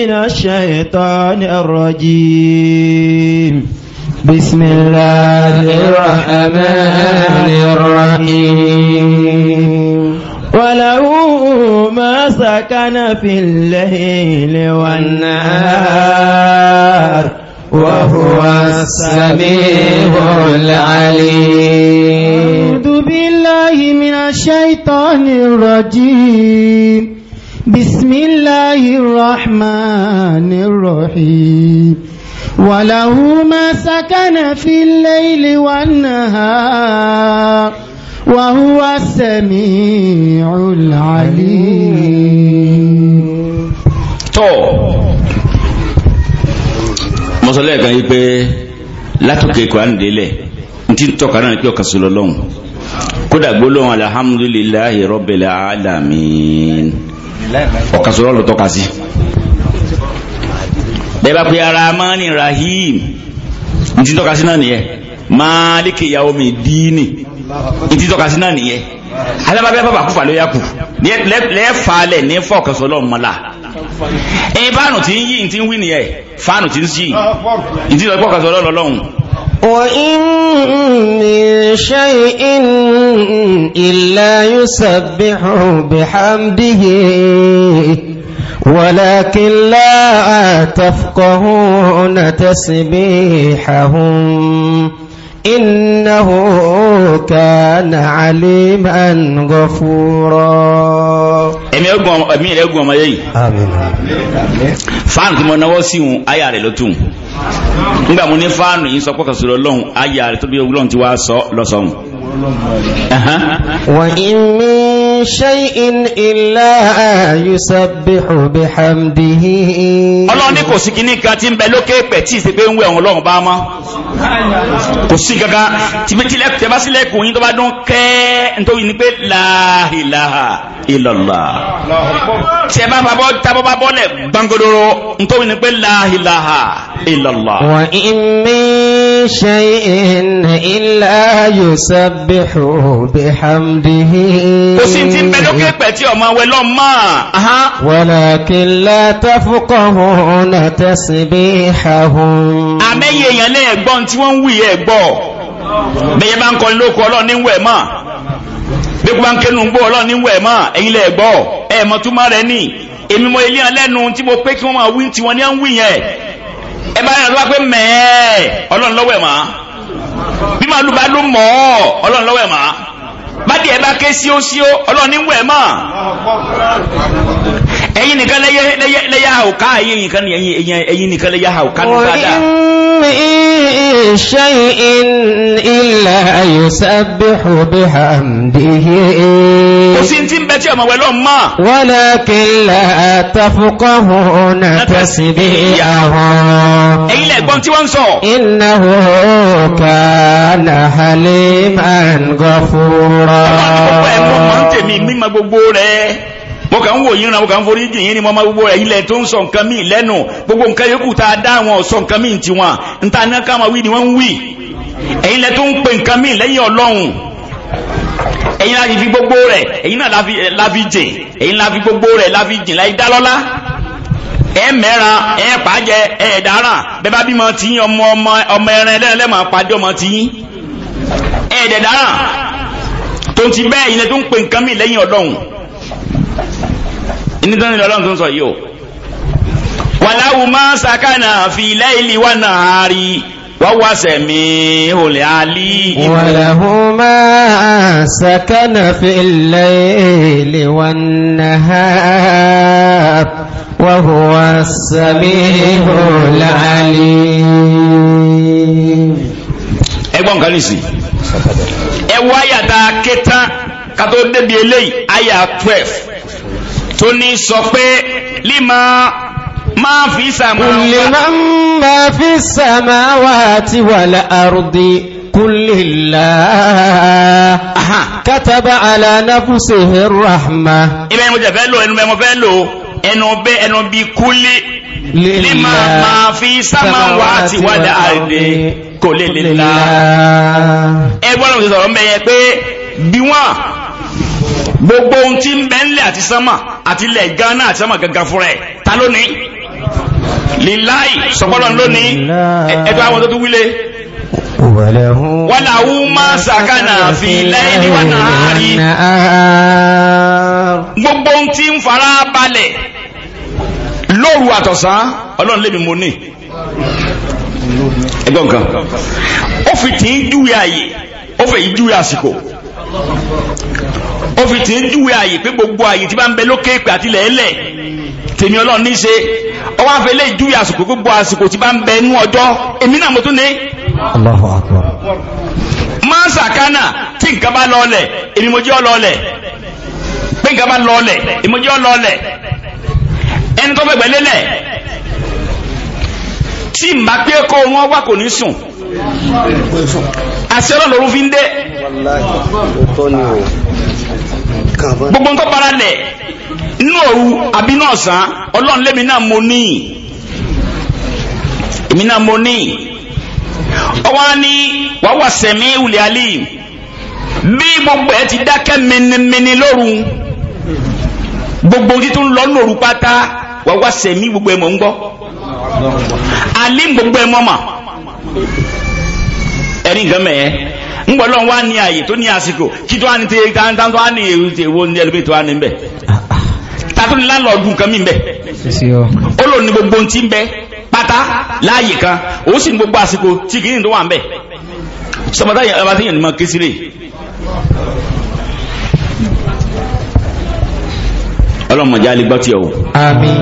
من الشيطان الرجيم بسم الله الرحمن الرحيم وله ما سكن في الليل والنهار وهو السميع العليم أعوذ بالله من الشيطان الرجيم بسم الله الله الرحمن الرحيم وله ما سكن في الليل والنهار وهو السميع العليم tó mọ́sọ́lẹ̀ kan yí pé látòkè kòránì délẹ̀ tí ń tọ́ka náà pé ọ̀kan sí lọ́lọ́run kódà gbólóhùn alhamdulillahi rabbil alamin ọ̀kan sọ̀rọ̀ ló tọ́ka sí. rahim n ti tọ́ka sí náà nìyẹn máàlìkì yaumi díìnì n ti tọ́ka sí náà nìyẹn alábàbẹ́ bàbá kúfà ló yà kù lẹ́ẹ̀fàálẹ̀ ní fọ́ọ̀kan sọ̀rọ̀ mọ́lá ti ń wí nìyẹn fáànù ti tọ́ka وإن من شيء إلا يسبح بحمده ولكن لا تفقهون تسبيحهم إنه كان عليما غفورا èmi ogun èmi re ogun ọmọ yìí àmín fan tí mo náwó sí un aya rẹ̀ ló tún ngba mo ní fan yìí sọ pé kan sọ̀rọ̀ Ọlọ́hun aya rẹ̀ tó bí Ọlọ́hun ti wá sọ lọ sọ hun wa in min من شيء إلا يسبح بحمده Ọlọ́run ní kò sí kíní kan tí ń bẹ lókè pẹ̀ tí ìsèpé ń wẹ̀ ọ̀hún lọ́run bá mọ́ kò sí kankan tìbítí lẹ́kùn tẹ́básílẹ̀kùn yín tó bá dún kẹ́ẹ́ nítorí ní pé láàhìláà illallah tí ẹ bá fa bọ́ tábọ́ bá bọ́lẹ̀ gbàngodoro nítorí ni pé la ilaha illallah. wa in min shay'in illa yusabbihu bihamdihi. kò sí ti bẹ lókè pẹ̀ tí ọmọ wẹ lọ mọ́. walakin la tafqahuna tasbihahum. àmẹ́yẹ èèyàn lè gbọ́n tí wọ́n ń wù yẹ gbọ́ bẹ́ẹ̀ bá ń kọrin lóko ọlọ́ọ̀ ní wẹ̀ mọ́. bí kò bá ń gbọ́ ọlọ́run ní wẹ̀ mọ́ ẹ̀yin lẹ̀ gbọ́ ẹ̀ mọ́ rẹ̀ ní èmi mọ ilé hàn lẹ́nu tí mo pé kí wọ́n máa wí tí ẹ bá yàrá tó pé mẹ́ẹ̀ ọlọ́run lọ́wọ́ ẹ̀ mọ́ bí màálù bá ló mọ́ ọlọ́run lọ́wọ́ ẹ̀ mọ́ ẹ̀yin nìkan lẹ́yà àwòká ẹ̀yin nìkan ẹ̀yin nìkan lẹ́yà àwòká ní bàdà. min shay'in illa yusabbihu bihamdihi. kò kana haliman ghafura. ọmọ àti gbogbo ẹ̀ mọ́ tèmi mímọ gbogbo rẹ̀. mo kàn ń wò yín náà mo ń forí jìn yín ni mo máa gbogbo ilẹ̀ tó ń sọ nǹkan lẹ́nu gbogbo nǹkan yòókù tá a dá wọn sọ nǹkan míì ti wọn níta ní ká máa wí ni wọ́n ń wí ẹ̀yin lẹ tó ń nǹkan lẹ́yìn ọlọ́run ẹ̀yin láti fi gbogbo gbogbo rẹ̀ láfi jìn láì dá lọ́lá ẹ mẹ́ran ẹ ẹ dáràn bẹ́ẹ̀ bá bímọ ọmọ ẹran ẹlẹ́rìn nítorí ọlọ́run tó ń sọ yìí o wàláwù máa sàkánà fi láìlì wà náà rí wọ́wọ́ sẹ̀mí olè alí wàláwù máa sàkánà fi láìlì wà náà wọ́wọ́ sẹ̀mí olè alí ẹgbọ́n kan nìsí ẹwọ́ ayàtà kẹta kàtó débi eléyìí ayà 12 tó ní sọ pé límà máa fi sàmà wà límà máa fi sàmà wà àti wà láàrùdí kúlìláà kátàbà alánàfúsẹ̀ rahma ibẹ̀ mo jẹ́ fẹ́ lò ẹnu mẹ́mọ́ fẹ́ lò ẹnu bẹ́ ẹnu bí kúlì límà máa fi sàmà wà àti wà láàrùdí kúlìláà ẹgbọ́n gbogbo ohun tí ń bẹ ńlẹ̀ àti sánmà àti ilẹ̀ Ghana àti sánmà gangan fúnra ẹ̀ ta ló ní lilayi sọpọlọ ló ní ẹgbẹ́ àwọn tó tún wílé wàláwú máa sàkánà fi lẹ́yìn wà náà rí gbogbo ohun tí ń fara balẹ̀ lóru àtọ̀sán ọlọ́run lémi mo ní ẹgbọ́n kan ó fi tí ń júwe àyè ó fẹ̀ júwe àsìkò ó fi tì í júwe àyè pé gbogbo àyè tí bá ń bẹ lókè ìpè àti lẹ́ẹ̀lẹ̀ tèmi ọlọ́run ní í ṣe ó wá fẹ́ lé ìjúwe àsìkò gbogbo àsìkò tí bá ń bẹ nú ọjọ́ èmi náà mo tún ní. Allahu Akbar. máa sàkánà tí nǹkan bá lọọlẹ̀ èmi mo jẹ́ ọlọọlẹ̀ pé nǹkan bá lọọlẹ̀ èmi mo jẹ́ ọlọọlẹ̀ ẹni tó fẹ́ gbẹ́lélẹ̀ tí n bá pé kó wọn wà kò ní sùn àṣẹ ọlọ́run fi ń dé. gbogbo nǹkan para lẹ̀ inú òru àbí náà sàn ọlọ́run lẹ́mi náà mo ní èmi náà mo ni wàá wà sẹ̀mí gbogbo ẹ ti dákẹ́ mẹnimẹni gbogbo títún lọ lóru pátá wàá gbogbo ẹ mọ̀ gbogbo mọ̀ mà ńgbọ́lọ́ wá ní ààyè tó ní àsìkò kí tó wá ní tẹ́yẹ tán tó wá ní èwo ní ẹlòmíì tó wá ní bẹ̀ tàtó ní láńlọ́ọ̀dù nǹkan mi bẹ̀ ó lò ní gbogbo ti ń bẹ pátá láàyè kan ó sì ní gbogbo àsìkò tí kìíní tó wà ń bẹ̀ sọpátá yẹn ọba tí yẹn ní mọ kí sílẹ̀ ọlọ́mọdé aligbọ́tì o. àmín.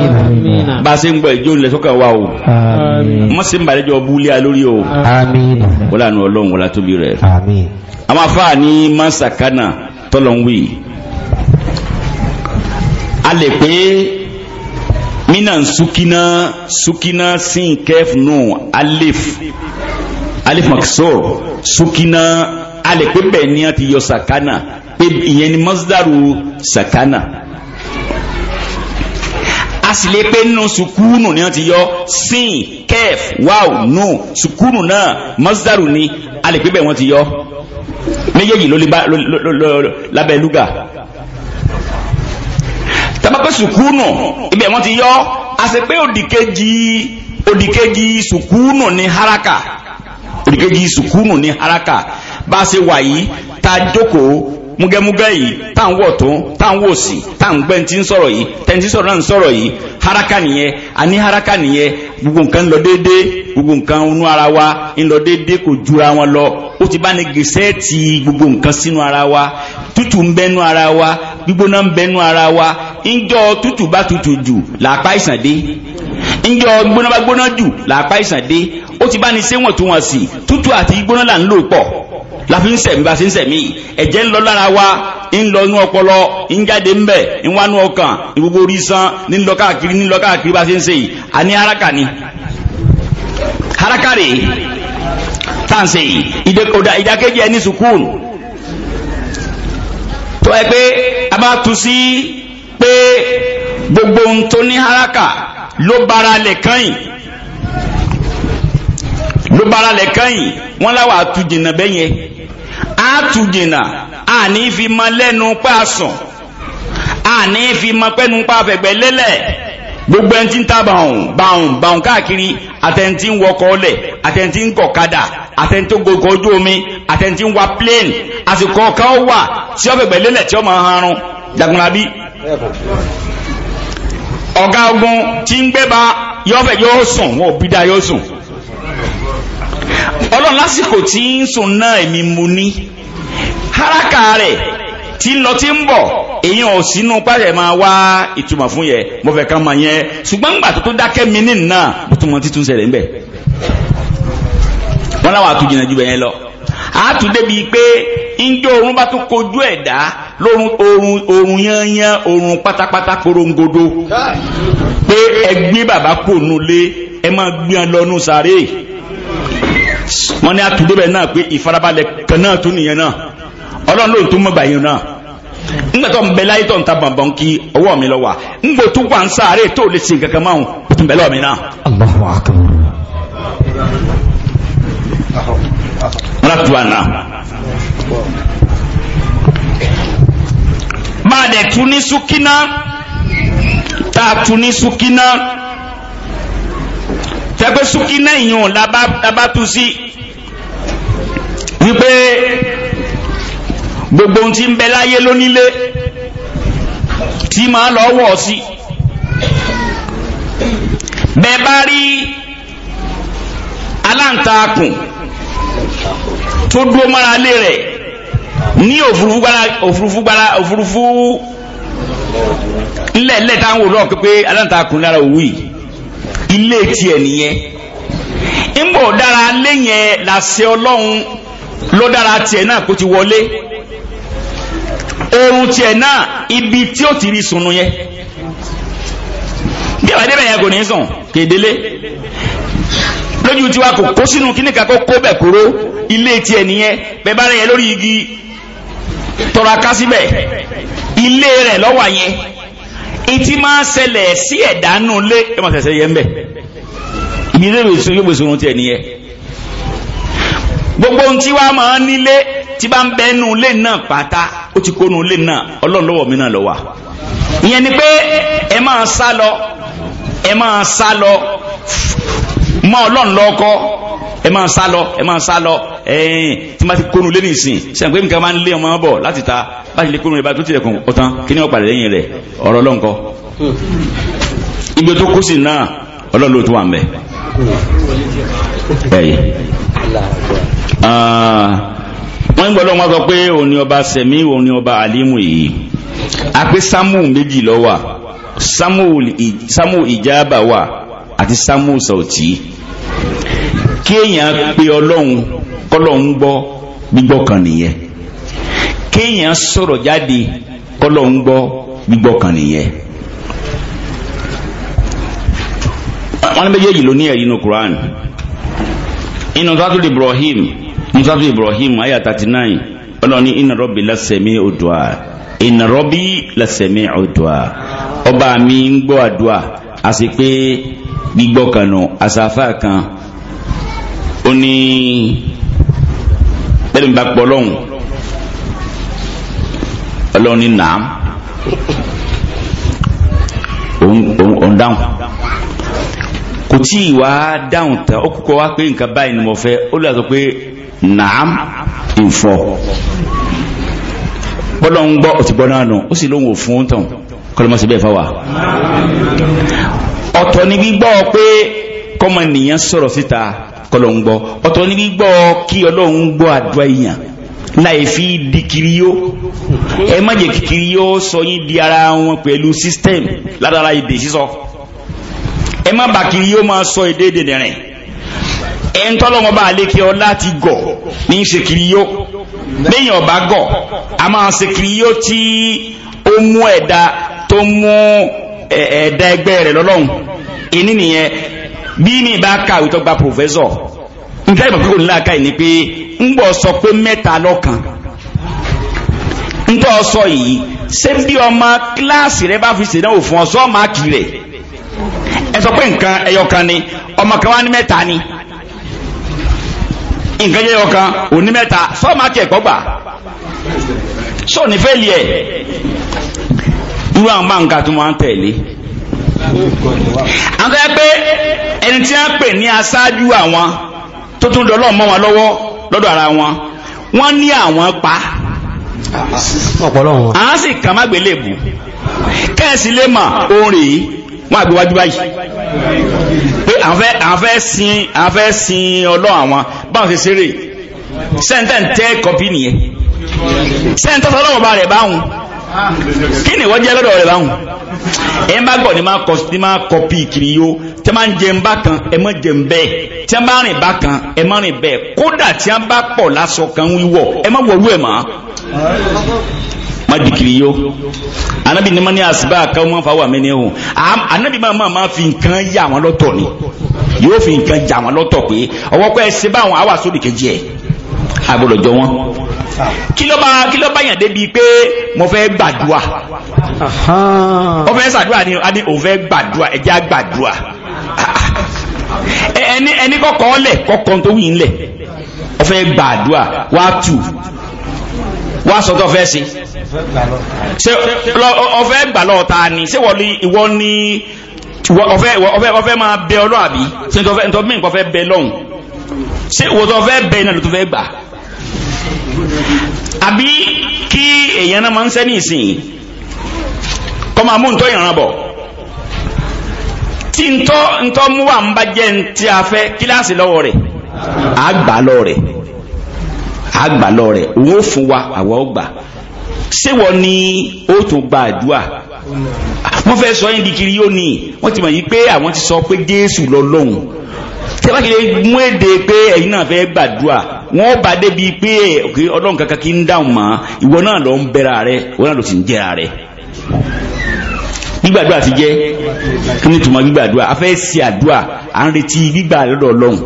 bá a ṣe ń gbọ́ ìjó ilẹ̀ sọ́kà wa o. àmín. mọ̀ sí ń bàlẹ́ jọ búlé alórí o. àmín. wọ́n lànà ọlọ́run wọ́n la rẹ̀. àmín. àwọn afáà ní masakana tọ́lọ̀nwì. a lè pé mina sukina sukina sin kef nu alif alif maksor sukina a lè pé bẹ́ẹ̀ ni a ti yọ sakana ìyẹn ni masdaru sakana a sì lè pé ni wọ́n ti yọ sin kef wow nu sukúnù náà masdaru ni a lè pé bẹ́ẹ̀ wọ́n ti yọ méjèèjì ló lè bá lábẹ́ lúgà tabapẹ́ sukúnù ibẹ̀ wọ́n ti yọ a sì pé òdìkejì ni haraka odikeji sukúnù ni haraka bá a ṣe ta jókòó múgẹ́múgẹ́ yìí tá à ń wọ̀ tó tá à ń wò sí tá à ń gbẹ́ ti ń sọ̀rọ̀ yìí tẹ́ni tí sọ̀rọ̀ náà ń sọ̀rọ̀ yìí haraka nìyẹn àní haraka nìyẹn gbogbo nǹkan ń lọ déédéé gbogbo nǹkan inú ara wa ń lọ déédéé kò jura wọn lọ ó ti bá ní gèsè ti gbogbo nǹkan sínú ara wa tútù ń bẹnu ara wa gbígbóná ń bẹnu ara wa ńjọ tútù bá tútù jù làpá ìsàn ńjọ gbóná bá gbóná jù làpá ìsàn ó ti bá ní ṣe wọ̀ntúnwọ̀nsì tútù àti gbóná là ń lò pọ̀ láfi ń sẹ̀mí bá ṣe ń sẹ̀mí ẹ̀jẹ̀ ń lọ lára wa ń lọ inú ọpọlọ ń jáde ń bẹ̀ ń wá inú ọkàn ń gbogbo orí san ní lọ káàkiri ní lọ káàkiri bá ṣe ń ṣe yìí àní haraka ni haraka rè tá à ń ẹni sùkúùn tó ẹ pé a bá tu sí pé gbogbo ohun tó ní haraka ló bara lẹ̀ kàn yìí ló bara lẹ̀ kàn yìí wọ́n láwà tu jìnnà bẹ́yẹn àtùjìnà àní fi mọ lẹ́nu fi mọ pẹ́nu lélẹ̀ gbogbo ẹni tí ń ta bàùn bàùn bàùn káàkiri àtẹ̀ntí ń wọkọ̀ ọlẹ̀ àtẹ̀ntí ń kọ̀kadà àtẹ̀ntí ń gògó ojú omi ń wa plane àsìkò ọ̀kan ó wà tí ó tí ó máa ọ̀gá ogun tí ń gbéba yóò fẹ̀ yóò sùn wọn ò bí dá yóò sùn. ọlọ́run mu ní haraka rẹ̀ tí ń lọ tí ń bọ̀ èyàn ò sínú pàṣẹ máa wá ìtumọ̀ fún yẹ mo fẹ́ ká máa yẹ ṣùgbọ́n nígbà tó tó dákẹ́ mi ní nà mo tún mọ títún ṣẹlẹ̀ ńbẹ̀ wọn làwọn àtúnjìnà jù bẹ́ẹ̀ lọ àtúndé bíi pé njó oorun bá tún kojú ẹ̀dá lórun oorun oorun yanyan oorun pátápátá korongodo pé ẹ gbé bàbá kò nulẹ̀ ẹ máa gbé ọ lọ nù sáré. wọ́n ní àtúndébẹ̀ náà pé ìfarabalẹ̀ kan náà tún nìyẹn náà ọlọ́run ló ń tún náà nígbà tó ń bẹ láyé tó ń ta bọ̀nbọ̀n kí ọwọ́ mi lọ wà ngbò tó wà ń sáré tó lè sin kankan máa ń tún bẹ mi náà. wọ́n á tu àná. máa dẹ̀ ní tá a ní tẹ́gbẹ́ súnkí náìyàn labátú sí wípé gbogbo ohun tí ń bẹ láyé lónílé tí máa lọ wọ̀ sí bẹ́ẹ̀ bá rí aláǹtakùn tó dúró mára lé rẹ̀ ní òfurufú gbára òfurufú gbára òfurufú ńlẹ̀ẹ́lẹ̀ táwọn olóòkú pé aláǹtakùn lára òwú yìí ilé tiẹ̀ nìyẹn ńgbò dára léyìn làṣẹ ọlọ́run ló dára tiẹ̀ náà kó ti wọlé oorun tiẹ̀ náà ibi tí ó ti rí sunu yẹn bí àwọn adébẹ̀yẹ kò ní sùn kédele lójú tiwa kò kó sínú kíní kan kó kó bẹ̀ kóró ilé tiẹ̀ nìyẹn bẹ́ẹ̀ bá rẹ̀ yẹn lórí igi tọrọ ilé rẹ̀ lọ́wọ́ yẹn ìtì máa ṣẹlẹ̀ sí ẹ̀dá nù lé ẹ máa ṣẹ̀ṣẹ̀ yẹ ń bẹ̀ ibi ilé ìwòsàn yóò gbèsè oorun tiẹ̀ nìyẹn gbogbo ohun tí wàá máa nílé tí bá ń bẹ nù lé náà pátá ó ti kó nù lé náà ọlọ́run lọ́wọ́ mi náà lọ wà ìyẹn ni pé ẹ máa sá lọ ẹ máa sá lọ mọ́ ọlọ́run lọ́kọ́ ẹ máa sá lọ ẹ máa sá lọ ẹ̀ẹ́n tí wọ́n ti kónú lé nìsín sẹ́yìn pé nǹkan máa ń lé ọmọ bọ̀ láti ta bá ti lè kónú rẹ̀ bá tó ti ẹ̀kún ọ̀tán kí ni wọ́n pàdé lẹ́yìn rẹ̀ ọ̀rọ̀ lọ́nkọ́ ibi tó kó sí náà ọlọ́run tó wà mẹ́ ẹ̀yẹ ah, wọ́n ń gbọ́dọ̀ wọn sọ pé òun ni ọba sẹ̀mí òun ni ọba àlímù yìí àpé sámù méjì ló wà sámù ìjábà wà àti samuel sọ̀tì kí èèyàn pe ọlọ́run kọ́lọ́run gbọ́ gbígbọ́ kan nìyẹn kí èèyàn sọ̀rọ̀ jáde kọ́lọ́run gbọ́ gbígbọ́ nìyẹn. wọ́n ní méjèèjì ló ní ẹ̀rí inú Quran inú sátú Ibrahim inú sátú Ibrahim ayah thirty nine ọlọ́ni inna Rabbi lasemi odua inna Rabbi lasemi odua ọba mi ń gbọ́ àdúà àti pé gbígbọ́ kanu àsàfà kan ó ní ẹni bá pọ̀ lọ́hùn ọlọ́run ní nàám òun dáhùn kò tí ì wá dáhùn tán ó kúkọ wá pé nǹkan báyìí ni mo fẹ́ ó lè sọ pé nàám ìfọ̀ bọ́lọ́ gbọ́ ó náà nù ó sì lóhùn òfun tán kọ́lọ́mọ́sí bẹ́ẹ̀ fáwà ọ̀tọ̀ ni gbígbọ́ pé kọ́mọ nìyẹn sọ̀rọ̀ síta kọlọ̀ ń gbọ́ ọ̀tọ̀ ni gbígbọ́ kí ọlọ́run gbọ́ àdúrà èèyàn láì fi di kiri yó ẹ má jẹ́ kiri yó sọ yín di ara wọn pẹ̀lú system ládàra èdè sísọ ẹ má bà kiri yó máa sọ èdè èdè rìn ẹ ń tọ́lọ́wọ́n bá lékè ọ láti gọ̀ ní ṣe kiri yó lẹ́yìn ọ̀bá gọ̀ a máa ṣe kiri yó tí ó mú ẹ̀dá tó mú ẹ̀ẹ́dá ẹgbẹ́ rẹ̀ lọ́lọ́run ìní nìyẹn bí ní gba pòfẹ́sọ̀ nǹkan ìbá pé kò ní ìní pé ń gbọ́ sọ pé mẹ́ta lọ́kan ń tọ́ sọ yìí ṣé bí ọmọ kíláàsì rẹ bá fi ṣèdánwò fún ọsọ sọ máa ẹ sọ pé nǹkan ni ọmọ kan wá ní mẹ́ta ni nǹkan yẹ mẹ́ta ẹ̀kọ́ gbà sọ ní fẹ́ẹ̀lì ẹ̀ irú àwọn máa ń ga àwọn kan pé ẹni tí a ń pè ní aṣáájú àwọn tó tún dọ́lọ́ mọ́ wọn lọ́wọ́ lọ́dọ̀ ara wọn wọ́n ní àwọn pa a àwọn sì kàn má gbélé bù kẹ́ẹ̀sì lè mọ̀ orin yìí wọ́n àgbé wájú báyìí pé àwọn fẹ́ sin ọlọ́ àwọn báwọn ṣe ṣeré sẹ́ńtẹ̀ ń tẹ́ kọ́pì nìyẹn sẹ́ńtẹ̀ tọ́lọ́wọ́ bá rẹ̀ báwọn kí ni wọ́n jẹ́ lọ́dọ̀ rẹ̀ báwọn ẹ má gbọ́ ni máa kọ ni máa kọ pí kiri yó tí máa ń jẹ ń bá kan ẹ má jẹ ń bẹ́ẹ̀ tí a bá rìn bá kan ẹ má rìn bẹ́ẹ̀ kódà tí a bá pọ̀ lásọ kan wíwọ̀ ẹ má wọ̀lú ẹ̀ mọ́ má dìkiri yó anabi ni ma ní àsìbá àkàwọn máa fa wà mí ni o anabi máa máa fi nǹkan yà wọn lọ́tọ̀ ni yóò fi nǹkan jà wọn lọ́tọ̀ pé ọwọ́ pẹ́ ẹ ṣe báwọn àwa sódì ẹ̀ agbọ́dọ̀ jọ wọn ah. kí ló bá kí ló bá yàn débi pé mo fẹ́ gbàdúà ó fẹ́ sàdúà ni a ní òun fẹ́ gbàdúà ẹ̀jẹ̀ àgbàdúà ẹni ẹni kọ́kọ́ lẹ̀ kọ́kọ́ tó wí ńlẹ̀ ó fẹ́ gbàdúà wá tù wá sọ tó fẹ́ sí ṣe ó fẹ́ gbà lọ́ọ̀ ta ni ṣé wọ́n ní ìwọ ní ọfẹ ọfẹ ọfẹ máa bẹ ọlọ àbí ṣe ntọ́ mí nǹkan fẹ́ bẹ lọ́hùn ṣé wọ́n tó fẹ́ bẹ iná ló tó fẹ́ gbà àbí kí èèyàn náà máa ń sẹ́ni ìsìn kọ́ máa mú ntọ́ ìran bọ̀ tí ntọ́ ntọ́ mú wà ń bá jẹ́ ntí a fẹ́ kíláàsì lọ́wọ́ rẹ̀ àgbà lọ́wọ́ rẹ̀ àgbà lọ́wọ́ rẹ̀ òun ó fún wa àwa ó gbà ṣé wọ́n ó tún gba àdúrà wọ́n fẹ́ sọ yín dikiri yóò ní wọ́n ti mọ̀ yí pé àwọn ti sọ pé Jésù lọ lọ́hùn tẹ́lákìlẹ̀ mú èdè pé ẹ̀yin náà fẹ́ gbàdúrà wọ́n bá débi pé ọlọ́run kankan kí ń dáhùn mọ́ ìwọ náà lọ ń bẹ́ra rẹ ìwọ náà lọ sì ń rẹ gbígbàdúrà ti jẹ́ kí ni a fẹ́ ṣe àdúrà à ń retí gbígbà lọ́dọ̀ ọlọ́run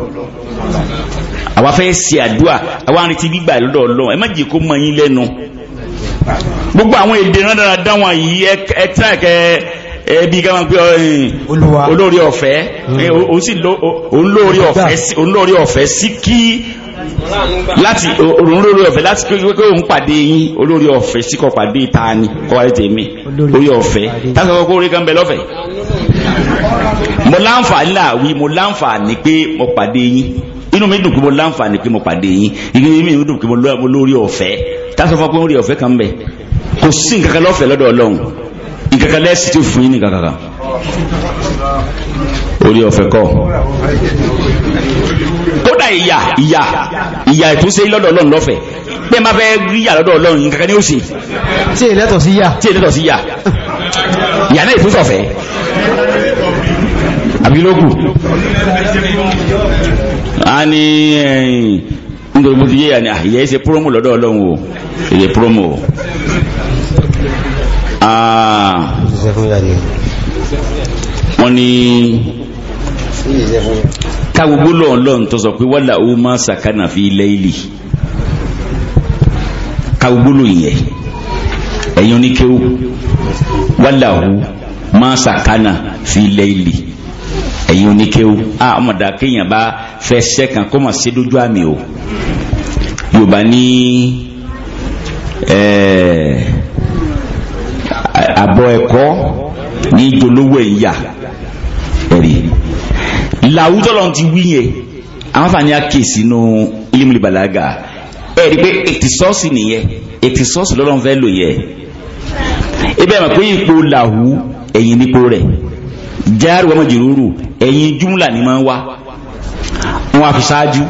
àwa fẹ́ ṣe àdúrà àwa ń retí gbígbà lọ́dọ̀ ọlọ́run ẹ má kó mọ yín lẹ́nu gbogbo àwọn èdè náà dáwọn yìí ẹ tí àkẹ́ ẹbí ká máa pé olórí ọ̀fẹ́ òun hmm. ọ̀fẹ́ láti olórí ọ̀fẹ́ láti kí òun pàdé yín olórí ọ̀fẹ́ sí kọ pàdé ta ni kọ wáyé tèmi olórí ọ̀fẹ́ táwọn kọ́kọ́ orí kan bẹ lọ́fẹ̀ mo láǹfààní làwí mo láǹfààní pé mo pàdé yín inú mi dùn kí mo láǹfààní pé mo pàdé yín inú mi dùn kí mo lórí ọ̀fẹ́ táwọn kọ́kọ́ orí ọ̀fẹ́ kan bẹ kò sí nǹkan kan lọ́fẹ̀ẹ́ lọ́dọ̀ ọlọ́run nǹkan kan lẹ́sìn tó fún yín nǹkan kan orí ọ̀fẹ́ kọ́ kódà ìyà ìyà ìyà ìtúnṣe lọ́dọ̀ ọlọ́run lọ́fẹ̀ẹ́ bí ẹ máa fẹ́ rí ìyà lọ́dọ̀ ọlọ́run nǹkan kan ní òsì. tí èyí lẹ́tọ̀ sí yà. tí èyí lẹ́tọ̀ sí yà ìyà náà ìtúnṣọ̀fẹ́ àbílókù. a ní nítorí mo ti yé yàní àyè ṣe promo lọ́dọ̀ ọlọ́run o èyẹ promo o. wọ́n ní ká gbogbo lọ́ọ̀lọ́ọ̀ tó sọ pé wàlà ó máa sàkánà fi layli ká gbogbo lóyìn yẹn ẹ̀yin oníkéwù wàlà ó máa sàkánà fi layli ẹ̀yin oníkéwù a ọmọdà kéèyàn bá fẹ́ sẹ́kàn kó mà sí dójú àmì o yorùbá ní àbọ̀ ẹ̀kọ́ ní jolówó ẹ̀yà làwùjọ́ lọ́n ti wí yẹn àwọn fàní àkèsí nù ilimuli balaga ẹ̀ rí pé ètì sọ́ọ̀sì nìyẹn ètì sọ́ọ̀sì lọ́lọ́n fẹ́ lò yẹ ebe ma pé ipò làwù ẹ̀yìn nípò rẹ̀ jáàrú ọmọ jìrúurú ẹ̀yìn júmùlà ni máa ń wá wọn àfi ṣáájú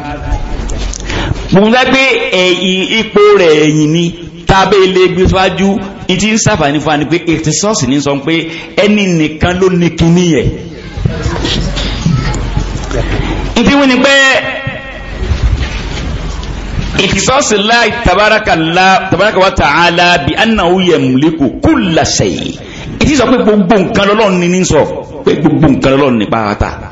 mo fẹ́ pé ẹ̀yìn ipò rẹ̀ ẹ̀yìn ni tábẹ́ ilé gbé e ṣáájú ìtí ń sàfàní fún wa ni pé ètì sọ́ọ̀sì ní sọ pé ẹni nìkan ló ní kinní yẹn ìdí wọn ni pé ìfisọ́sí láì tabaraka wa ta'ala bí annahu yamliku kulla shay ìdí sọ pé gbogbo nǹkan lọ́lọ́run ní ní sọ pé gbogbo nǹkan lọ́lọ́run ní pàápàá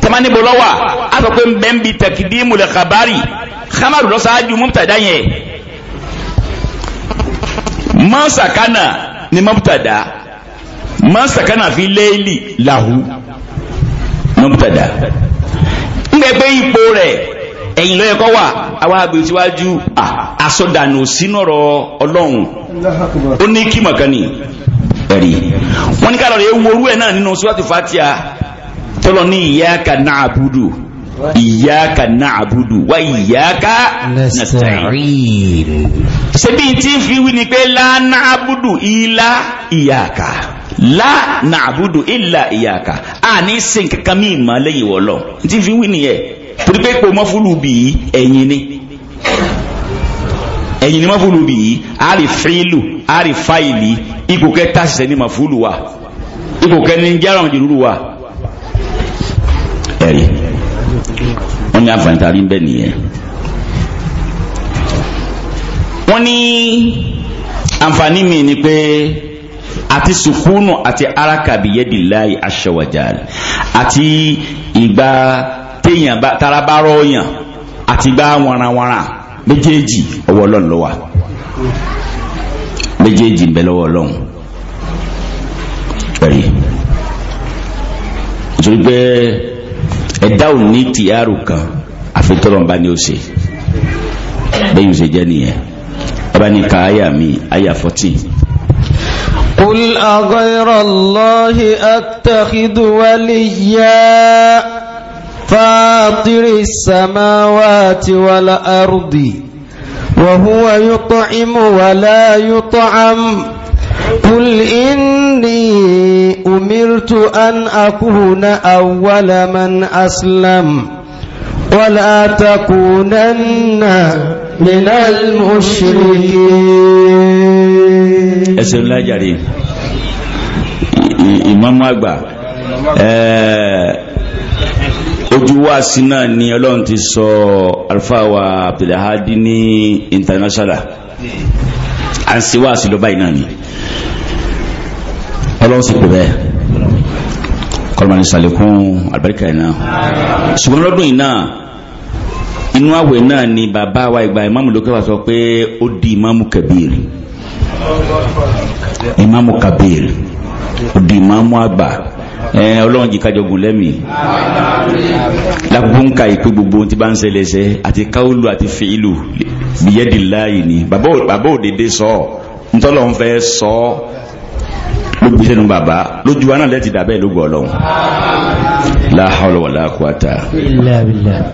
tamani bolowa a sọ pé mbẹ́mbi takidimu lè kabari kamaru lọ́sáájú mubtada yẹn mọ́sàkánà ni mubtada mọ́sàkánà fi léèlì làhùn mọ́bùtàdà ńgbẹ́ pé ipò rẹ̀ ẹ̀yìn lọ́yẹ kọ́ wà àwọn àgbè síwájú àsọdànù sínọ̀rọ̀ ọlọ́run ó ní kí mọ̀kánì ẹ̀rí wọ́n ní ká ewu orú ẹ̀ náà nínú sùwàtì fatia tọ́lọ ní iyyaka na'budu iyyaka na'budu wa iyyaka nasta'in ṣe bí tí ń fi wí ni pé la na'budu illa iyyaka la naabudu illa iyyaka a ní sin kankan mi ma lẹ́yìn wọlọ tí fi wí nìyẹn torí pé kò mọfúlù bí ẹ̀yin ni ẹ̀yin ni mọfúlù bí àrífìlù àrífàìlì ipò kẹta ṣiṣẹ ni mọfúlù wa ipò kẹni jẹrọ àwọn jùlọ wa ẹ̀rí wọn ní àǹfààní tàbí bẹ nìyẹn wọn ní àǹfààní mi ni pé àti sukunu àti arakabi yẹ́dìláì aṣọwàjáàlì àti ìgbà téèyàn tarabárọ̀ yàn àti ìgbà wọ̀nranwọ̀nran méjèèjì ọwọ́ ọlọ́run ló wà méjèèjì ń bẹ lọ́wọ́ ọlọ́run pẹ̀lú nítorí pé ẹ̀dá ò ní tìyàrù kan àfi tọ́lọ́mbá ni ó ṣe bẹ́ẹ̀ yóò ṣe jẹ́ nìyẹn ẹ bá ní ka àyà mi àyà fourteen. قل أغير الله أتخذ وليا فاطر السماوات والأرض وهو يطعم ولا يطعم قل إني أمرت أن أكون أول من أسلم ولا تكونن من المشركين ẹsẹ̀ ńlá jàre ìmámù àgbà ojú wáàsí náà ni ọlọ́run ti sọ alfa wa abdulhadi ní international à ń ṣe wáàsí lọ báyìí náà ni ọlọ́run sì pè bẹ́ẹ̀ kọlọmọdé sàlékún àbáríkà iná ṣùgbọ́n lọ́dún iná inú àwẹ̀ náà ni bàbá wa ìgbà ìmáàmù lókè wà sọ pé ó di ìmáàmù kẹbìrì ìmáàmù kabir òdì ìmáàmù àgbà ẹ̀ẹ́n ọlọ́run jí kájọ gùn lẹ́mì lápúnká ìpé gbogbo tí bá ń ṣẹlẹ̀ ṣẹ́ àti káúlù àti fèílù bìyẹ́dì láàyè ni bàbá òdèdè sọ ntọ́lọ̀ ń fẹ́ sọ ló gbé sẹ́nu bàbá lójú wa náà lẹ́tì dàbẹ́ ló gbọ́ ọlọ́run la hawla wala quwata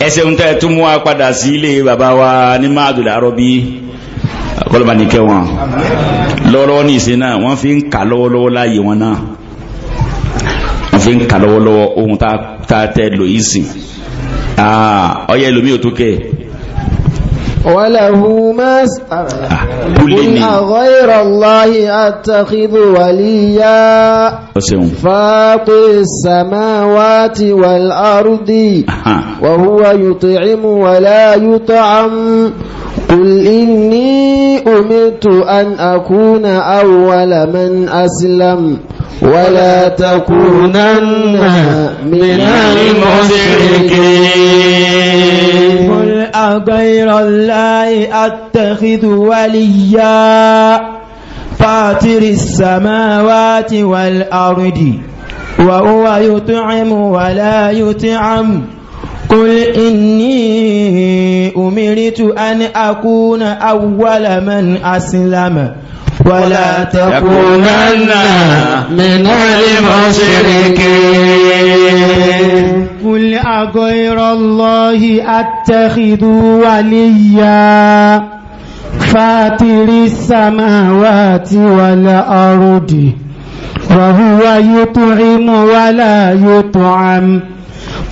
ẹsẹ̀ ń tẹ́ tún mú wa padà sí ilé bàbá wa ní máàdùlá rọ́bí kọlọ́ba ní kẹ́ wọn lọ́wọ́lọ́wọ́ ní ìsìn náà wọ́n fi ń kà lọ́wọ́lọ́wọ́ láàyè wọn náà wọ́n fi ń kà lọ́wọ́lọ́wọ́ ohun tá a tẹ́ lò yìí sìn ọyẹ ẹlòmíì ò tó kẹ́ وله ما س... قل أغير الله أتخذ وليا فاطر السماوات والأرض وهو يطعم ولا يطعم قل إني أمرت أن أكون أول من أسلم ولا تكونن من المشركين أغير الله أتخذ وليا فاتر السماوات والأرض وهو يطعم ولا يطعم قل إني أمرت أن أكون أول من أسلم ولا تكونن من المشركين قل أغير الله أتخذ وليا فاتر السماوات والأرض وهو يطعم ولا يطعم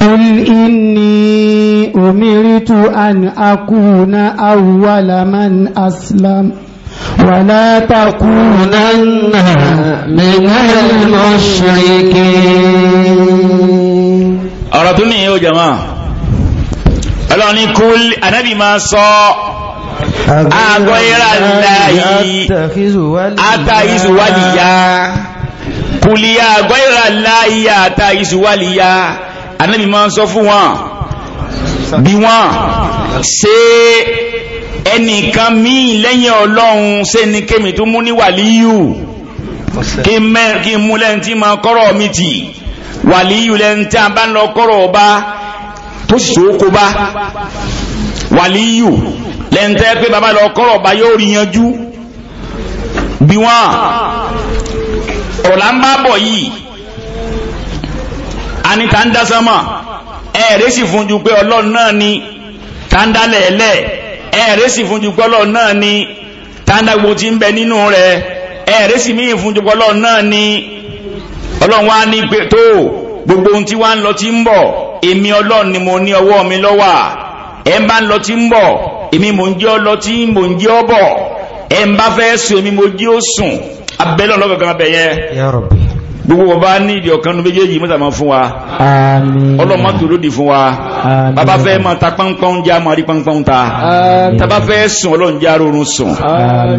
قل إني أمرت أن أكون أول من أسلم ولا تكونن من المشركين ọ̀rọ̀ tún nìyẹn o jama ọlọ́ni kúl anábì máa sọ àgọ́ ìrà láàyí àtàìsùwàlìyà kúlíyà àgọ́ ìrà láàyí àtàìsùwàlìyà anábì máa sọ fún wọn bí wọ́n ṣe ẹnìkan míì lẹ́yìn ọlọ́run ṣe ní kémi tó mú ní wàlíyù kí n mú lẹ́yìn tí máa kọ́rọ̀ mi tì wàlíyù lẹ́yìn tí a bá ń lọ kọ́rọ̀ ọba tó sì ṣòkó bá wàlíyù lẹ́yìn tẹ́ pé bàbá lọ kọ́rọ̀ ọba yóò rí yanjú bí wọ́n ọ̀la ń bá bọ̀ yìí anita ń dá sánmọ̀ ẹ̀ẹ́rẹ́ sì fún ju pé ọlọ́run náà ni tàǹdálẹ̀ ẹ̀lẹ́ ẹ̀ẹ́rẹ́ sì fún ju pé ọlọ́run náà ni tàǹdàgbò ti ń bẹ nínú rẹ̀ ẹ̀ẹ́rẹ́ sì míì fún ju pé ọlọ́run náà ni ọlọ́run wá ní pé tó gbogbo ohun tí wá ń lọ tí ń bọ̀ èmi ọlọ́run ni mo ní ọwọ́ mi lọ́wà ẹ̀ ń bá ń lọ tí ń bọ̀ èmi mò ń jẹ́ ọlọ tí mò ń jẹ́ ọ bọ̀ ẹ̀ ń bá fẹ́ sùn èmi mo jẹ́ ó sùn abẹ́lẹ́ ọlọ́gàgàn abẹ́yẹ gbogbo wọn bá ní ìdí ọ̀kan nu méjèèjì mọ́ta máa fún wa ọlọ́mọ tòró di fún wa bàbá fẹ́ máa ta pánpán já máa rí pánpán ta tàbá fẹ́ sùn ọlọ́run já rọrùn sùn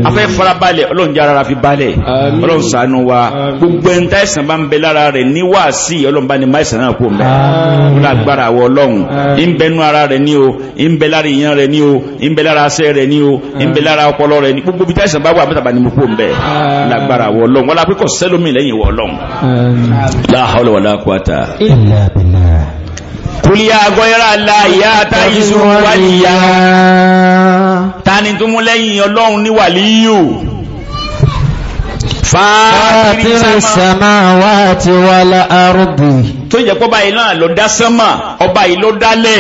afẹ́ farabalẹ̀ ọlọ́run já ara fi balẹ̀ ọlọ́run ṣàánú wa gbogbo ẹni tá ẹ̀sán bá ń bẹ lára rẹ̀ ní wáàsí ọlọ́run bá ní má ẹ̀sán náà kó mẹ́ ọlọ́run agbára wọ ọlọ́run ń bẹ nú ara rẹ̀ ní o ń bẹ rẹ̀ ní o ń la hawla wala quwata illa billah qul ya ghayra allahi ya ta'izu waliya tani tó mú lẹ́yìn ọlọ́run ní wàlíyù fàátìrì samawati wal ardi tó jẹ́ pọ́ báyìí náà ló lo dale.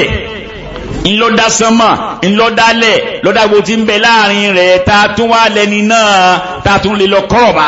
In lo ló dálẹ̀ ńlọ́dá sánmà ńlọ́dálẹ̀ lọ́dá gbogbo tí ń bẹ láàrin rẹ̀ ta tún wá lẹ́ni náà ta tún lè lọ kọ́rọ̀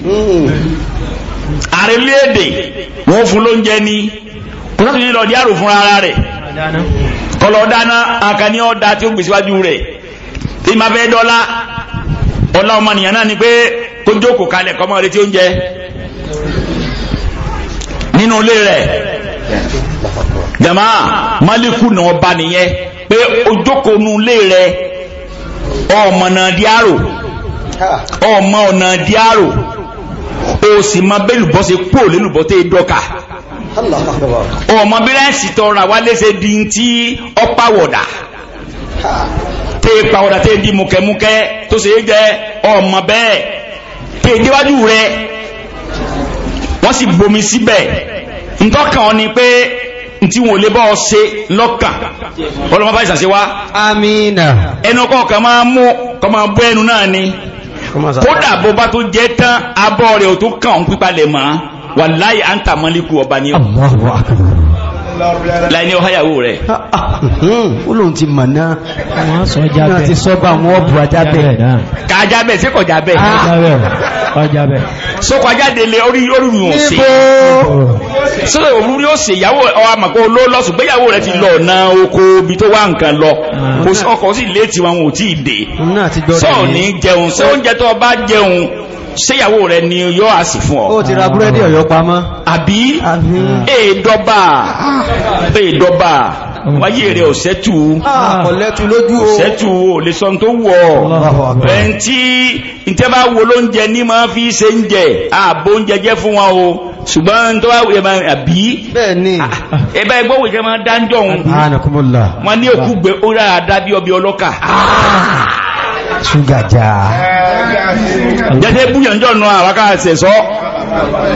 Hmm. ààrẹ léèdè wọ́n fún ló ń jẹ́ ní kúrò tó yí lọ di àrò fún ara rẹ̀ kọlọ dáná àkàní ọ̀dà tí ó gbèsíwájú rẹ̀ tí ma fẹ́ dọ́lá ọlá ọmọ nìyẹn náà ni pé kó jókòó kalẹ̀ kọ́ mọ́ retí oúnjẹ nínú ilé rẹ̀ jama maliku na ọba nìyẹn pé o jókòó nu ilé rẹ̀ ọmọ náà di àrò ọmọ náà di àrò. o sì máa bẹ́ lùbọ́ ṣe kúrò lélùbọ́ tẹ́ dọ́ka ọmọ bírẹ́ǹsì tọrọ àwálé ṣe di ti ọ̀páwọ̀dà tẹ́ pàwọ̀dà tẹ́ di mùkẹ́mùkẹ́ tó ṣe é jẹ́ ọmọ bẹ́ẹ̀ tẹ́ déwájú rẹ wọ́n sì bomi síbẹ̀ ntọ́kàn ọ ni pé ntí wọn ò lè bọ́ ọ ṣe lọ́kàn ọlọ́mọ bá ìsànṣe wa. amina máa mú kọ́ máa bọ́ ẹnu náà ni kódà bó bá tó jẹ́ tán abọ́ rẹ̀ ò tó kàn ń pípalẹ̀ mọ́ wàláyé à ń mọ́líkù ọba ni. Allahu láì ní ọ̀háyàwó rẹ̀ ah, ah, hmm, ó lóun ti mọ̀ náà náà ti sọ́bà wọn ọ̀bù ajábẹ̀ kájábẹ̀ sí ah. kọjábẹ̀ ọjábẹ̀ so kọjáde lé orí orúurú ò sí sọ́dọ̀ òrùrí ó sì ìyàwó ọwà màkó ló lọ́sùn gbéyàwó rẹ̀ ti lọ ọ̀nà oko bí tó wá nǹkan lọ ọkọ̀ sí ilé tiwọn ò tí ì dé sọ́ọ̀ ní jẹun sọ́ọ̀ oúnjẹ tó bá jẹun ṣéyàwó rẹ̀ ni yọ́ a sì fún ọ. ó ti ra búrẹ́dì ọ̀yọ́ pamọ́. àbí èèdọ́bà èèdọ́bà ah. mm. wáyé rẹ̀ ò sẹ́tù ọ̀lẹ́tù ah, lójú o sẹ́tù o lè sọ tó wọ̀ ẹ̀ǹ tí ìtẹ́ bá wo ló ń jẹ ní máa fi ṣe ń jẹ ààbò ń jẹjẹ fún wọn o ṣùgbọ́n tó wá wòye máa àbí bẹ́ẹ̀ni ah, ẹ̀bá ẹgbọ́ wòye máa dáńjọ́ òun wọn ní òkú gbé ó rà dá ọbẹ̀ ọlọ́kà. Sugaja. já jẹ́sẹ̀ búyàn jọ nù àwákà ṣe sọ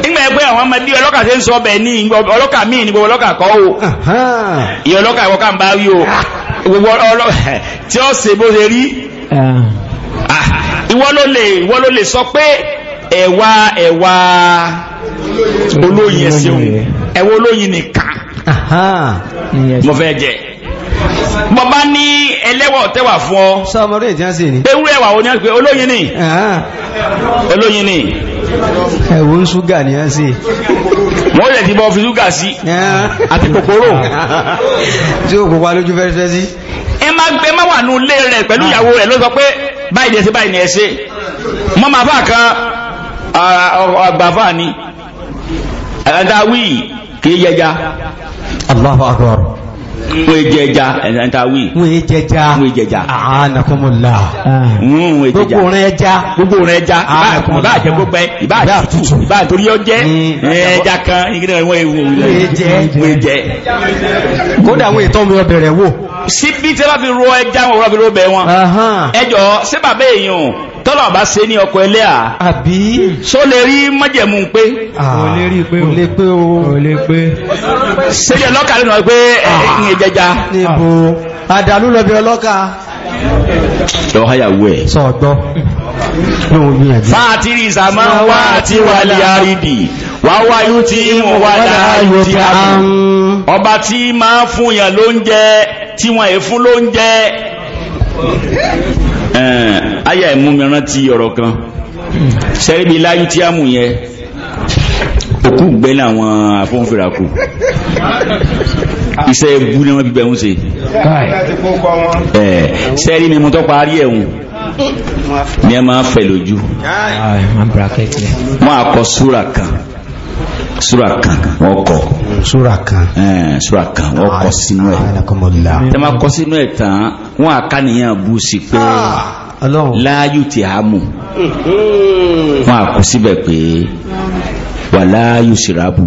nígbà ẹgbẹ́ àwọn ọmọdé ọlọ́kà ṣe ń sọ bẹ̀ ní ọlọ́kà míì ní gbogbo ọlọ́kà kọ́ o ìyẹn ọlọ́kà ìwọ́kà ń bá rí o gbogbo ọlọ́kà tí ó ṣe bó ṣe rí ah. Ah, ìwọ ló lè ìwọ ló lè sọ pé ẹ̀wà ẹ̀wà olóyin ẹ̀sìn ẹ̀wà olóyin nìkan mo fẹ́ jẹ́ bọ́ bá ní ẹlẹ́wọ̀ tẹ́wà fún ọ sọmọdé ìjánṣe ni ewúrẹ́ wà oní àgbẹ̀ olóyin ni olóyin ni ẹ̀wọ̀n ṣúgà ni a sí wọ́n lè ti bọ́ fi ṣúgà sí àti kòkòrò tí ó kòkòrò alójú fẹ́rẹ́fẹ́ sí ẹ má gbé má wà nú ilé rẹ̀ pẹ̀lú ìyàwó rẹ̀ ló sọ pé báyìí ni ẹ ṣe báyìí ni ẹ ṣe mọ́ máa fà kan àgbàfà ni àdáwì kìí yẹja Allahu Akbar wọ́n jẹja ẹ̀ntàwí wọ́n jẹja wọ́n jẹja àánàkọ́mọ̀lá wọ́n jẹja gbogbo rẹ̀ ẹja gbogbo rẹ̀ ẹja ìbá àjẹ gbogbo ẹ ìbá àjẹ tútù ìbá àtòrí ọjẹ́ ẹja kan ìgbìnà wọ́n ewu wọ́n jẹ kódà àwọn ìtọ́ mi ọbẹ̀rẹ̀ wò sí bí tẹ́ bá fi ro ẹja wọn wọ́n fi ro bẹ̀ wọn ẹjọ́ sí bàbá èèyàn tọ́lọ̀ bá ṣe ní ọkọ̀ ẹlẹ́ à àbí ṣó lè rí májẹ̀mú pé ó lè rí pé ó lè pé ó lè pé ṣẹlẹ̀ ọlọ́kà lẹ́nu pé ẹ̀yìn ìjẹja níbo àdàlú lọ bí ọlọ́kà lọ́háyàwó ẹ̀ sọ̀gbọ́ fàtírì ìsàmọ́ wà tí wà lè àrídì wà wà tí mú wà láàáyò tí a mú ọba tí máa fún yàn lóúnjẹ tí wọ́n è fún lóúnjẹ àyà ẹ̀mú mi rántí ọ̀rọ̀ kan sẹ́ríbi láyú tí a mú yẹn òkú gbẹ́ láwọn afọ́nfẹ́ra kù iṣẹ́ ebú ni wọ́n bíbẹ̀ ń ṣe sẹ́rí mi mo tọ́ parí ẹ̀hún ni a máa fẹ̀ lójú wọ́n á kọ súra kan sura kan wọn kọ sura kan ẹn sura kan wọn kọ sínú ẹ tẹmá kọ sínú ẹ tán wọn àkànìyàn bú sí pé láàyù tí a mú wọn àkọ síbẹ̀ pé wà láàyù síráàbù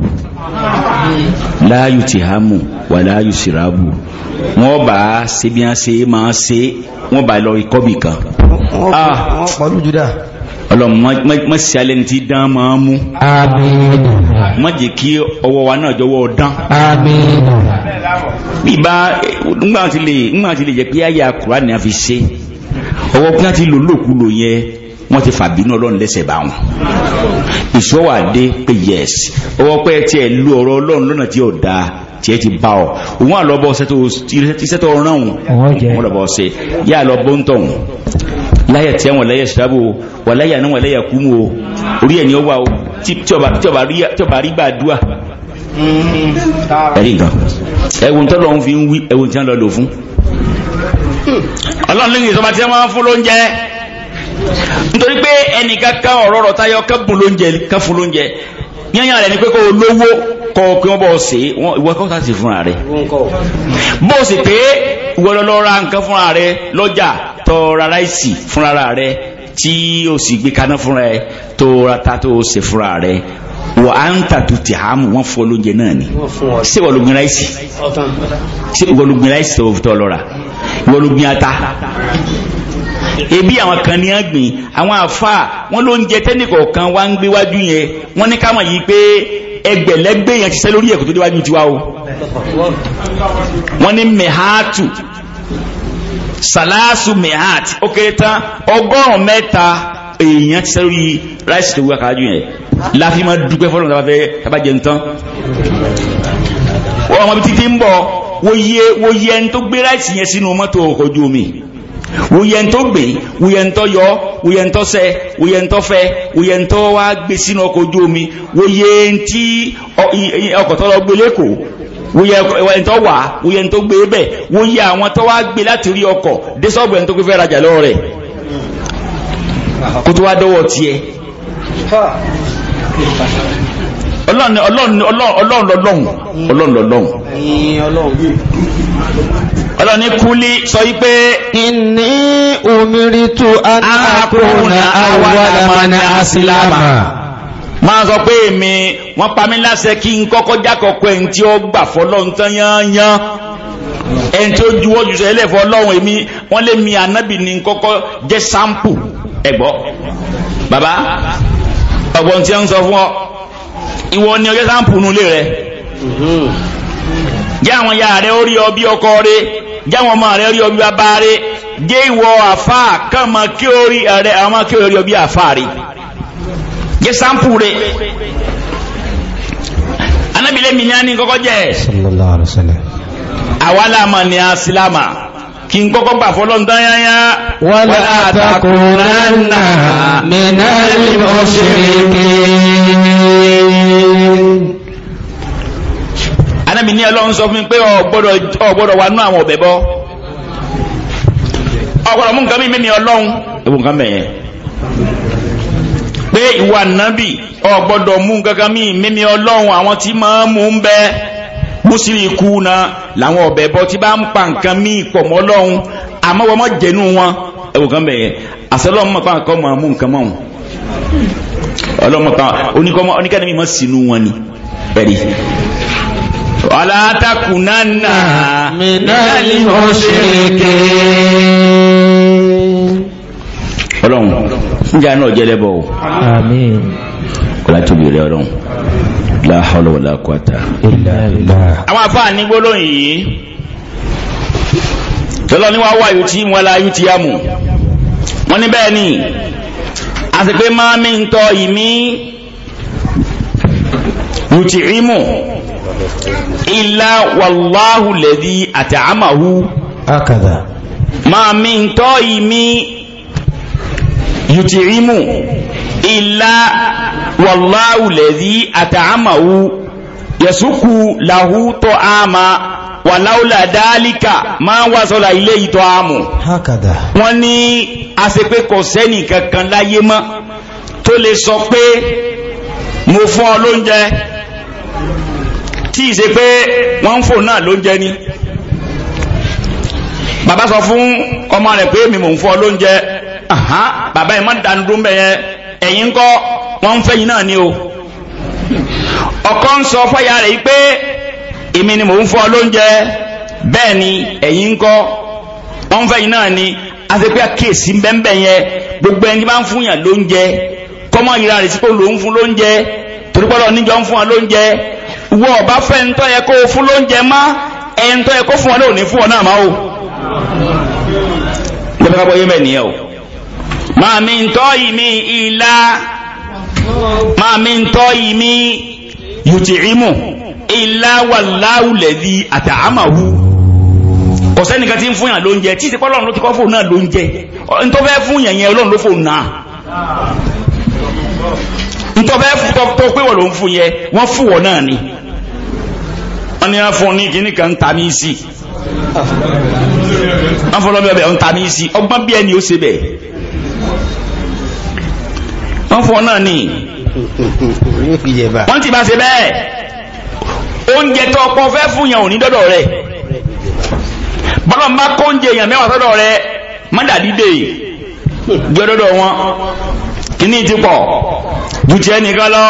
láàyù tí a mú wà láàyù síráàbù wọn bá ṣe bí wọn ṣe máa ṣe wọn bá lọ ikọ́ kan. wọn pọ̀ ah. lójú ọlọ́run má sí alẹ́ ní ti dán máa mú àmín má jẹ́ kí ọwọ́ wa náà jọwọ́ dán àmín bíbá ńgbà tí lè jẹ́ pé àyà kura ni a fi ṣe ọwọ́ kí wọ́n ti lò lòkulò yẹn wọ́n ti fàbínú ọlọ́run lẹ́sẹ̀ bá wọn ìṣọ́wàdé pé yes ọwọ́ pé tiẹ̀ lu ọ̀rọ̀ ọlọ́run lọ́nà tí ò dáa tí ẹ ti bá ọ òun àlọ́bọ̀ ṣẹ́tọ̀ ọ̀rán òun wọ́n lọ́bọ̀ ṣe yá àlọ́bọ̀ ń tọ̀hún láyà tí àwọn láyà ṣàbò wà láyà náà wà láyà kú mu o orí ẹ̀ ní ọwà o tí ọba rí gbàdúà ẹ̀rí nǹkan ẹ̀wọ̀n tó lọ́n fi ń wí ẹ̀wọ̀n tí wọ́n lọ lò fún ọlọ́run lẹ́yìn ìsọba tí wọ́n fún lóúnjẹ nítorí pé ẹnìkan ká ọ̀rọ̀ ọ̀rọ̀ táyọ̀ ká bùn lóúnjẹ ká fún lóúnjẹ yányàn rẹ̀ ni pé kó o lówó kọ́ ọ pé wọ́n bọ̀ ṣe ìwọ kọ́ sá sí fúnra rẹ̀ bó o sì pé ìwọ lọ́ọ́ ra nǹkan fúnra rẹ̀ lọ́jà tó ra ráìsì fúnra rẹ tí o sì gbé kaná fúnra rẹ tó ra ta tó o sè fúnra rẹ wà á ń tàtù tì hàmù wọn fún olóúnjẹ náà ni ṣé wọ́n ló gbin ráìsì ṣé wọ́n ló gbin ráìsì tó tọ́ lọ rà ló gbin ata ebi àwọn kan ní àgbìn àwọn àfáà wọn ló ń jẹ tẹnìkọ̀ọ̀kan wá ń gbé wájú yẹn wọn ní káwọn yìí pé ẹgbẹ̀lẹ́gbẹ̀ yẹn ti sẹ́ lórí ẹ̀kọ́ tó déwájú tiwa o wọ́n ní mẹ́hàátù salasu mihat ó kéré tán ọgọ́rùn-ún mẹ́ta èèyàn ti sẹ́rí ráìsì tó wú àkàájú yẹn láfi máa dúpẹ́ fọ́lọ́run tàbá fẹ́ tàbá jẹun tán wọ́n ọmọ bí títí ń bọ̀ wòye wòye ẹni tó gbé ráìsì yẹn sínú mọ́tò ọkọ̀ ojú omi wuyẹ̀ntọ́ gbé wuyẹ̀ntọ́ yọ wuyẹ̀ntọ́ sẹ wuyẹ̀ntọ́ fẹ wuyẹ̀ntọ́ wá gbé sínú ọkọ̀ ojú omi wuyẹ̀ntí ọkọ̀ tọ́lọ gbé lẹ́kọ̀ọ́ wuyẹ̀ntọ́ wà wuyẹ̀ntọ́ gbé bẹ̀ wuyẹ̀ àwọn tọ́ wá gbé láti rí ọkọ̀ désọ́ọ̀bù ẹ̀ntọ́ gbé fẹ́ rajà lọ́wọ́ rẹ̀ kó tó wá dọ́wọ́ tiẹ̀ ọlọ́run ọlọ́run ọlọ́run ọlọ́run ọlọ́run ní kúlí sọ wípé inni umiritu an akuna awwala man aslama máa sọ pé èmi wọ́n pa mí láṣẹ kí n kọ́kọ́ jákọ̀ọ́kọ́ ẹni tí ó gbà fọ́lọ́run tán yányán ẹni tí juwọ́ jù sẹ́lẹ̀ fọ́lọ́run èmi wọ́n lé mi ànábì ní kọ́kọ́ jẹ́ sáǹpù ẹ̀gbọ́ bàbá ọ̀gbọ́n tí ó sọ fún ọ ìwọ ni ọjọ́ sáǹpù nulé rẹ̀ mhm. jẹ́ àwọn ya rẹ̀ ó rí ọ bí ọkọ rẹ̀ jẹ́ àwọn ọmọ rẹ̀ ó rí ọ bí bàbá rẹ̀ jẹ́ ìwọ àfà kàmọ́ kí ó rẹ̀ àwọn kí ó rí ọ rẹ̀ jẹ́ sáǹpù rẹ̀ anábìlẹ̀ mi ní kọ́kọ́ jẹ́ sallallahu alaihi wasallam àwa láàmà ni a sílámà kí n kọ́kọ́ gbà fọ́lọ́n dáyáyá wala takunanna minal mushrikin mi ní Ọlọ́run sọ fún mi pé ọ̀gbọ́dọ̀ wà nú àwọn ọ̀bẹ̀ bọ́ ọ̀gbọ́dọ̀ mú nǹkan mímí ní Ọlọ́run ewu nǹkan mẹ̀yẹn pé ìwà nábì ọ̀gbọ́dọ̀ mú nǹkan mímí Ọlọ́run àwọn tí máa mú ń bẹ mùsùlùkù náà làwọn ọ̀bẹ̀ bọ́ tí bá ń pa nǹkan míì pọ̀ mọ́ Ọlọ́run àmọ́ wọ́n mọ́ jẹ̀nu wọn ewu nǹkan mẹ̀yẹn àsọlọ́run mọ̀ mọ̀ mú nǹkan mọ́ alátakùnánà mìírànlì ọ̀ṣẹ́kẹ́ ọlọ́run níjà náà jẹ́lẹ́bọ̀ o àmín látóbi rẹ̀ ọlọ́run la hawla wala àwọn afáà ní yìí tọ́lọ́ ní wá wà wọn la yóò tí yàmù wọ́n ní bẹ́ẹ̀ ni àti pé máa mi ń tọ́ ìmí ilá wàláhù lẹ́dí àti àmàhù akàdà máa mi ń tọ́ ìmí yùtìrímù ilá wàláhù lẹ́dí àti àmàhù yẹ̀sùkù làhù tọ́ àmà wàláúlà dáálíkà máa ń wá sọ́la ilé ìtọ́ àmù wọ́n ní àṣepé kò sẹ́nì kankan láyé mọ́ tó lè sọ pé mo fún ọ tí ì ṣe pé wọ́n ń fò náà ló ń jẹ ní bàbá sọ fún ọmọ rẹ̀ pé mi mò ń fọ lóúnjẹ bàbá yẹn má ń dànù dún bẹ́ẹ̀ ẹ̀yìn ń kọ́ wọ́n ń fẹ́yìn náà ni o ọkọ ń sọ fọ́yà rẹ̀ yìí pé èmi ni mò ń fọ lóúnjẹ bẹ́ẹ̀ ni ẹ̀yìn ń kọ́ wọ́n ń fẹ́yìn náà ni àti àkíyèsí bẹ́ẹ̀ yẹn gbogbo ẹni bá ń fún yàn ló ń fún lóúnjẹ torípọ́lọ́ níjọ ń fún ọ lóúnjẹ wọ́n ọba fẹ́ ń tọ́ yẹ kó fún lóúnjẹ má ẹn tọ́ yẹ kó fún ọ náà ò ní fún ọ náà má o lọ́pẹ́ kápọ̀ yẹ́mẹ̀ nìyẹn o máa mi ń tọ́ ìmí ìlà máa mi ń tọ́ ìmí yùtìrímù ìlà wà láwùlẹ̀ di àtàámàwù kò sẹ́nìkan ń fún yàn lóúnjẹ tí ìsìnkú ọlọ́run ló ti kọ́ fóun náà lóúnjẹ ntọ́fẹ́ fún yàn yẹn ọlọ́run ló fóun náà ntọ́fẹ́ tó pé wọ́n ló ń fún yẹ wọ́n fún wọ́n náà ni wọ́n ní wọ́n fún ní kíní kan ta mí sí wọ́n fún lọ́bẹ̀ bẹ́ẹ̀ ń ta mí sí ọgbọ́n bí ẹni ó ṣe bẹ́ẹ̀ wọ́n fún ọ náà ni wọ́n ti bá ṣe bẹ́ẹ̀ oúnjẹ tó ọpọ fẹ́ fún yàn ò ní dọ́dọ̀ rẹ̀ bọ́lọ̀ má kó oúnjẹ yàn mẹ́wàá sọ́dọ̀ rẹ̀ má dàdí dè jọ́ dọ́dọ̀ wọn kíní ti pọ̀ ju ti ẹnìkan lọ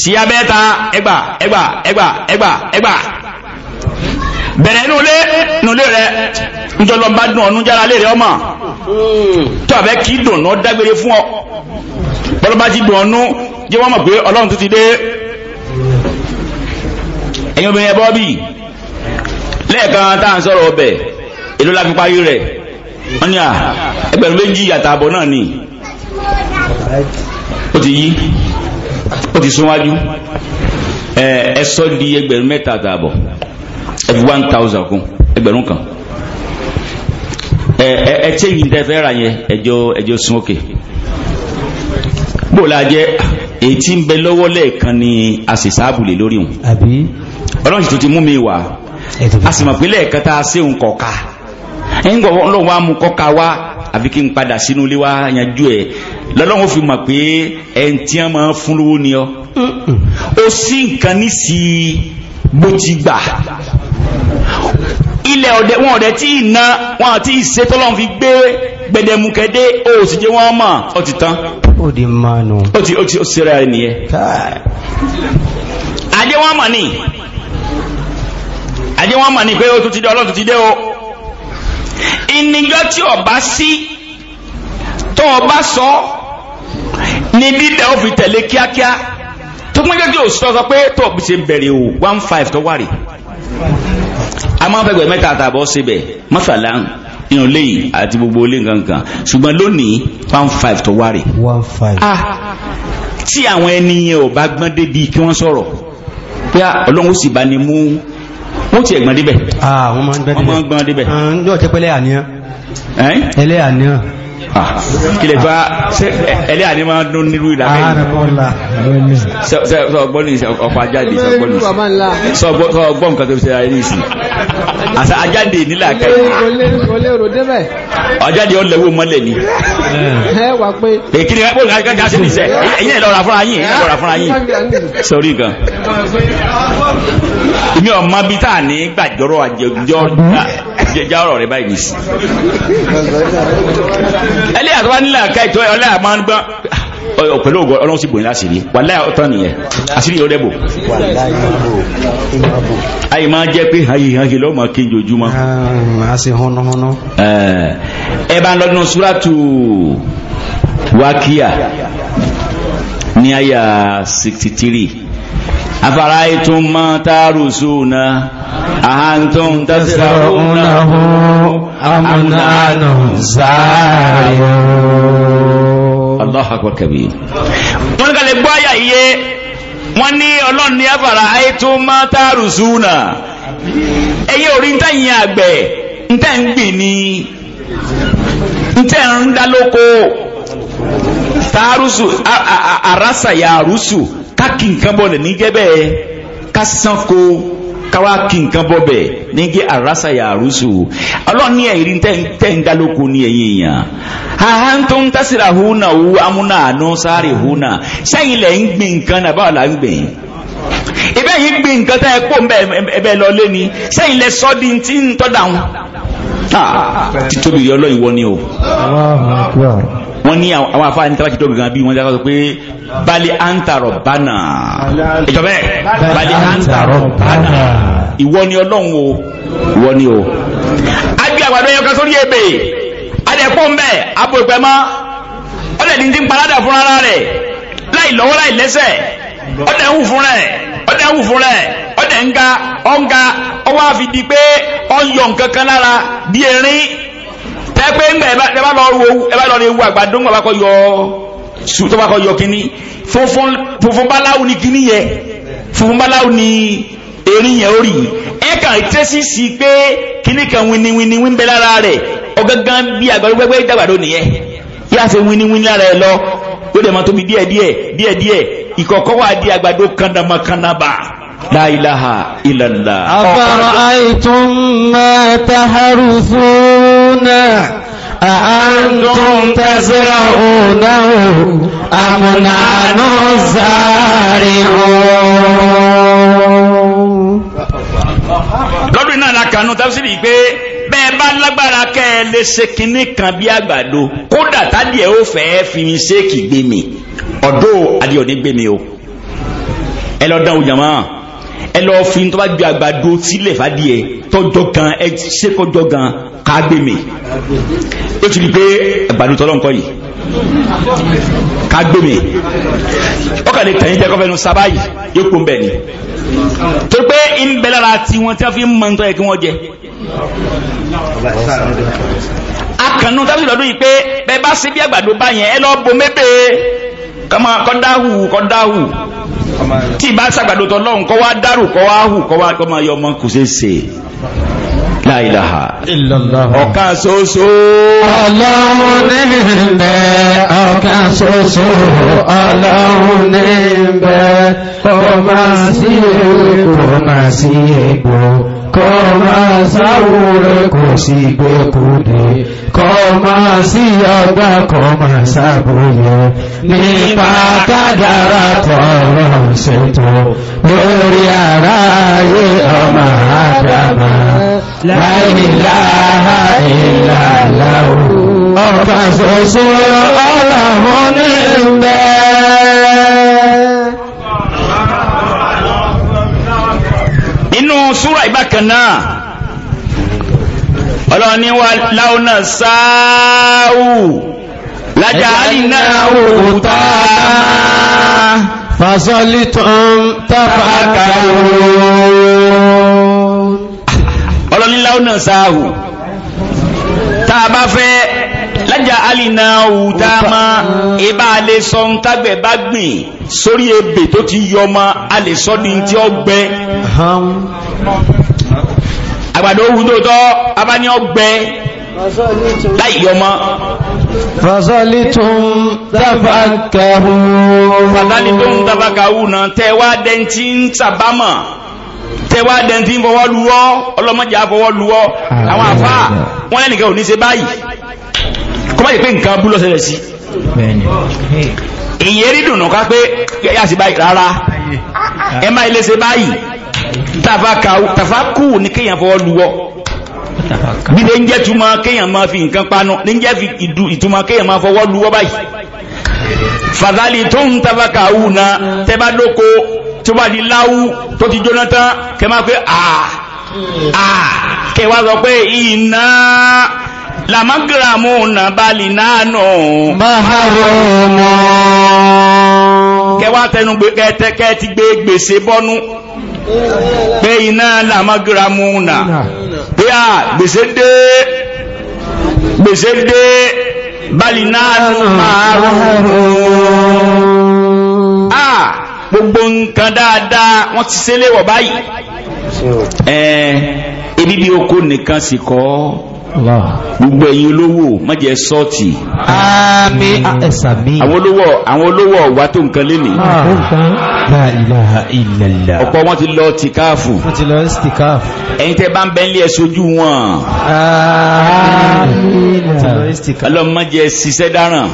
sí abẹ́ta ẹgbà ẹgbà ẹgbà ẹgbà ẹgbà bẹ̀rẹ̀ nulẹ̀ nulẹ̀ rẹ̀ ntọ́lọ́ba dùn ọ̀nù jára lé rẹ̀ ọmọ tó àbẹ́ kì í dùn ọ́ dágbére fún ọ bọ́lọ́ba ti dùn ọ̀nù jẹ́ wọ́n mọ̀ pé ọlọ́run tó ti dé ẹ̀yin obìnrin ẹ̀ bì lẹ́ẹ̀kan tá à ń sọ̀rọ̀ ọbẹ̀ èló la fi parí rẹ̀ wọ́n ní à ẹgbẹ̀rún méjì àtààbọ̀ náà ni ó ti yí ó ti súnwájú ẹ sọ di ẹgbẹ̀rún mẹ́ta àtààbọ̀ ẹ one thousand kún kan ẹ tí èyí tẹ fẹ́ ra yẹn ẹjọ́ ẹjọ́ sún òkè jẹ́ èyí tí ń bẹ lọ́wọ́ lẹ́ẹ̀kan ni àṣìṣàbùlé lórí isi ọlọ́run ti mú mi wà a sì mọ̀ pé lẹ́ẹ̀kan tá a àbí kí n padà sínú ilé wa yanjú ẹ lọ́lọ́wọ́ fi mọ̀ pé ẹn tí wọ́n máa ń fún lówó ni ọ. o sí nǹkan nísìí bó ti gbà ilẹ̀ ọ̀dẹ wọn ọ̀dẹ tí ìna wọn àti ìṣe tọ́lọ́n fi gbé gbẹdẹmukẹdẹ o sì jẹ́ wọ́n mọ̀ ọ ti tán. ó di mánu. ó ti ó ti ó sẹ́ra ẹ nìyẹn. àdé wọn mọ̀ ni àdé wọn mọ̀ ni pé ó tún ti dé ọlọ́run tún ti dé o ìníjọ́ tí ọba sí tó ọba sọ ní dídá ó fi tẹ̀lé kíákíá tó pín gẹ́gẹ́ òsì tọ́sọ pé tó ọ̀pì ṣe bẹ̀rẹ̀ o one five tó wà rè a máa fẹ́ gbẹ̀ mẹ́ta àtàbọ̀ síbẹ̀ mọ́sàlá inú léyìn àti gbogbo olé nǹkan ṣùgbọ́n lónìí one five tó wà rè one five ah tí àwọn ẹni yẹn ò bá gbọ́n débi kí wọ́n sọ̀rọ̀ pé ọlọ́run sì bá ní mú wọ́n ti ẹ̀gbọ́n débẹ̀. àwọn ah, ọmọ ń gbọ́n débẹ̀. ọmọ ń gbọ́n débẹ̀. ọjọ́ ah, ẹlẹ́ àníyàn. Ah, kílẹ̀ bá ẹlẹ́ àní máa dún nílùú ìlàkẹ́yìn sọgbọ́n ní ọkọ̀ ajáde sọgbọ́n nǹkan tó fi ṣe ayé ní ìsìn àṣà ajáde nílàkẹ́yìn ajáde ọ lẹ́wọ́ mọ́lẹ̀ ni èkìní ẹgbẹ́ òǹkà kájá sí nìṣẹ́ ẹ̀yìn ẹ̀lọ́ra fúnra yín ẹ̀yìn ẹ̀lọ́ra fúnra yín sọrí gan ìmí ọmọ bíi tá à ní gbàjọ́rọ̀ àjẹjọ́ jẹjá ọ̀rọ̀ rẹ báyìí nìsí. ẹlẹ́yà tó bá nílẹ̀ àká ìtọ́ ọlẹ́yà máa ń gbọ́ pẹ̀lú ògùn ọlọ́run sì bòyìn láṣìírí wàláyà ọ̀tán nìyẹn àṣírí ọ̀rẹ́ bò. àyè máa jẹ́ pé ayé ayé lọ́wọ́ máa kéjì ojúmọ́. a ṣe hànáhàná. ẹ bá ń lọ́dún súrátù wákíyà ní àyà sixty three. أفرأيتم ما تارسون أأنتم تزرعونه أم نحن الله أكبر كبير wọ́n kà lè gbọ́ àyà أفرأيتم ما تارسون ẹ̀yẹ orí ń tẹ̀yìn àgbẹ̀ ń tẹ̀ ń gbìn ní ká kí nǹkan bọ̀lẹ̀ ní jẹ́ bẹ́ẹ̀ ká sanko káwá kí nǹkan bọ̀ bẹ̀ ní jẹ́ àrásà yà àrùsù ọlọ́run ní ẹ̀rí tẹ́ ń dá lóko ní ẹ̀yìn èèyàn àhán tó ń tásìrà húnà wú amúnà àánú sáré húnà sẹ́yìn lẹ̀ ń gbìn nǹkan náà báwo là ń gbìn ibẹ̀ yìí gbìn nǹkan tẹ́ ẹ kó ẹbẹ̀ lọ lé ni sẹ́yìn lẹ sọ́ di ti ń tọ́ dà wọn ah, títóbi ìwọ ni o. wọ́n ní àwọn afáà ní tábàkì tó gangan bí wọ́n dákọ̀ pé bali antarọ̀ bánà ìjọbẹ́ bali antarọ̀ bánà ìwọ ni ọlọ́run o ìwọ ni o. a gbé àgbàdo yẹn kan sórí ebè adẹ̀kùn bẹ́ẹ̀ abo ìpẹ́ mọ́ ọ̀dẹ̀ ní ti ń parádà fún ara rẹ̀ láì lọ́wọ́ láì lẹ́sẹ̀ ọ̀dẹ̀ ń fún rẹ̀ ọ̀dẹ̀ ń fún rẹ̀ ọ̀dẹ̀ ń ga ọ̀ǹga ọwọ́ àfi di pé ọ̀yọ̀ nǹkan kan lára bí erin tẹ́ pé ń bẹ̀ ẹ bá lọ wo ẹ bá lọ rí wo àgbàdo ń bá kọ yọ su tó bá kọ yọ kínní funfun báláwo ni kínní yẹ funfun báláwo ni erin yẹn ó rì ẹ kàn tẹ́sí sí pé kínní kan winiwini ń bẹ lára rẹ̀ ọ̀gángan bí àgbàdo gbẹgbẹ ìdàgbàdo nìyẹn yíyá ṣe winiwini lára ẹ lọ ó dẹ̀ máa tóbi díẹ̀díẹ̀ díẹ̀díẹ̀ ìkọ̀kọ́ wà di àgbàdo kandamakanaba la ilaha illallah. afara'aytum ma taharuthu. تزرعونه أأنتم تزرعونه أم نحن الزارعون lọ́dún náà la kànú tafsiri pé bẹ́ẹ̀ bá lágbára kẹ́ ẹ lè ṣe kinní kan bí àgbàdo kódà tádìẹ ó fẹ́ fi mi ṣéèkì gbé mi ọ̀dọ́ adìẹ ò gbé mi o ẹ lọ dáhùn jàmọ́ ẹ lọ fi tó bá ju àgbàdo sílẹ̀ fàdíẹ̀ tọjọ gan ẹ ṣe kọjọ gan ká gbé mi ó ti di pé àgbàdo tọ́lọ́ nǹkan yìí ká gbé mi ọkàn lè tẹ̀yìn jẹ́ kọ́fẹ́nu sábà yìí yóò kó ń bẹ̀ ni tó pé ń bẹ lára tí wọ́n ti fi ń mọ nítorí kí wọ́n jẹ akànnú tábìlì lọ́dún yìí pé bẹ́ẹ̀ bá ṣe bí àgbàdo bá yẹn ẹ lọ́ bo mébèé kọ́mọ kọ́dáhù tí ìbá sàgbàdo tọ́ lọ́hùn kọ́ wá dárò kọ́ wá hù kọ́ wá kọ́ máa yọ ọmọ kò ṣeé ṣe láìláha ọ̀ká ṣoṣo ọlọ́run ní bẹ̀ ọ̀ká ṣoṣo ọlọ́run ní bẹ̀ kò máa sí èkó máa sí èkó kọ́ máa sáwò rẹ̀ kò sí gbẹ́kúdé kọ́ máa sí ọgbà kọ́ máa sábòyẹ nípa kádàrà tọ́rọ ṣètò lórí ara ayé ọmọ àdàmà láìláha ìlàláwò ọba ṣoṣo ọlọ́run ní ìbẹ̀ẹ́ náà ọlọ́ni wa láwọnà sáàwù lájà àìná òkúta fàṣọlítàn tàbákàrò ọlọ́ni láwọnà sáàwù tá a bá fẹ́ lájà àìná òkúta ma ibà lè sọ ń tágbẹ̀ bá gbìn sórí ebè tó ti yọ ma a lè tí ó gbẹ àgbàdo owó tó tọ́ abáni ọgbẹ láì yọmọ. fasali tún tafakahu. fasali tún tafakahu náà tẹ wá dẹ́ntì ń sábàmọ̀ tẹwàá dẹ̀ntí fọwọ́ luwọ́ ọlọ́mọdé àfọwọ́ luwọ́ àwọn àfá wọ́n lẹ́nìkan ò ní ṣe báyìí kọ́ báyìí pé nǹkan bú lọ́sẹ̀lẹ̀ sí ìyẹn rí ká pé yà sí báyìí rárá ẹ má ilé ṣe báyìí tàfákù ní kéèyàn fọwọ́ luwọ́ bí lè ń jẹ́ túmọ̀ kéèyàn máa fi nǹkan panu lè ń jẹ́ ìtumọ̀ kéèyàn máa fọwọ́ luwọ́ báyìí fàdálì tó ń tàfákàwù na tẹ́bá dóko tó bá di láwù tó ti jóná tán kẹ máa pé àà àà kẹ wá sọ pé iná làmágìràmù nà balì náà nù. máhàrọ̀ mọ́. kẹ wá tẹnu gbé kẹ ti gbé gbèsè bọ́nú pé iná làmọ́gíramù nà pé à gbèsè dé gbèsè dé bali náà máa rọrùn à gbogbo nǹkan dáadáa wọ́n ti ṣẹlẹ̀ wọ̀ báyìí ẹ̀ ebi bí oko nìkan sì kọ́ ọ́ gbogbo ẹ̀yin olówó má jẹ́ sọ́ọ̀tì àmín àwọn olówó àwọn olówó wà tó nǹkan lé ní ah. ọ̀pọ̀ wọn ti lọ tìkáàfù ẹ̀yin tẹ́ bá ń bẹ́ ń lé ẹ sojú wọn ọlọ́mọ jẹ́ ṣiṣẹ́ dáràn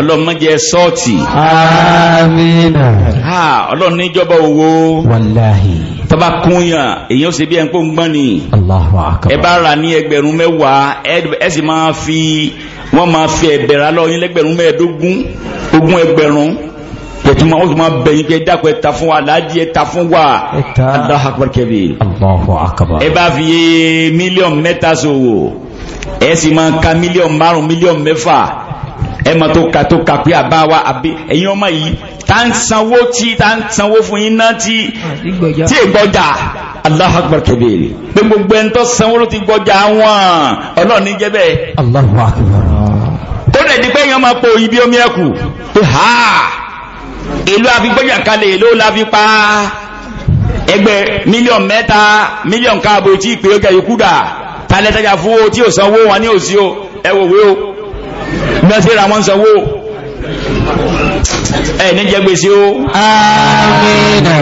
ọlọ́mọ jẹ́ sọ́ọ̀tì ọlọ́run níjọba owó tọba kúnyàn èyàn ṣe bí ẹ ń kó ń gbọ́n ni ẹ bá ra ní ẹgbẹ̀rún mẹ́wàá ẹ sì máa fi wọ́n máa fi ẹ̀bẹ̀rẹ̀ alọ́ yín lẹ́gbẹ̀rún mẹ́ẹ̀ẹ́dógún ogún ẹgbẹ̀rún yẹtuma o tuma bẹn kẹ dako ẹta fún wa alaji ẹta fún wa Allahu Akbar kẹbi ẹ b'a fi ye mílíọ̀n mẹ́ta ṣòwò ẹ sì máa ka mílíọ̀n márùn mílíọ̀n mẹ́fà ẹ ma to ka to ka pe a wa a ẹ̀yin ọmọ yìí ta ń sanwó tí ta ń sanwó fún iná tí tí ìgbọ́jà Allahu Akbar kabir pé gbogbo ẹni tó sanwó ló ti gbọ́jà wọn ọlọ́run ní jẹ́ bẹ́ẹ̀. Akbar. tó lè di pé èèyàn máa po ibi omi ẹ̀kú pé ha èlò àfigbọ́jà kalẹ̀ èlò la fi pa ẹgbẹ́ mílíọ̀n mẹ́ta mílíọ̀n káàbọ̀ tí ìpè ó gẹ̀yìn kúdà talẹ́tajà fún o tí ò sanwó wọn ní òsì o ẹwòwé o mẹ́sẹ̀ra wọn sanwó ẹ̀ ní jẹ́ gbèsè o Amina.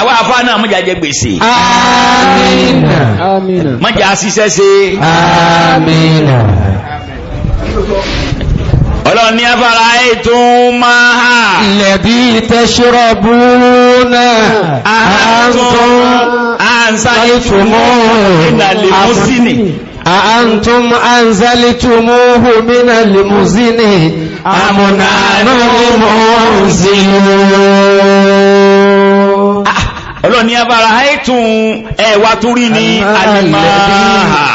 àwọn afá náà mọ́jà jẹ́ gbèsè àmín mọ́jà ṣiṣẹ́ ṣe àmín ọlọ́run ní afára ètò máa ha lẹ̀bí tẹ́ṣọ́rọ̀ búrúnà àánsán àánsán ìtùmọ̀ ìnàlè mọ́sínì أأنتم أنزلتموه من المزن أم نحن المنزلون ah, ọlọ́ni abára ẹ̀tùn ẹ̀wà torí ní alìmáà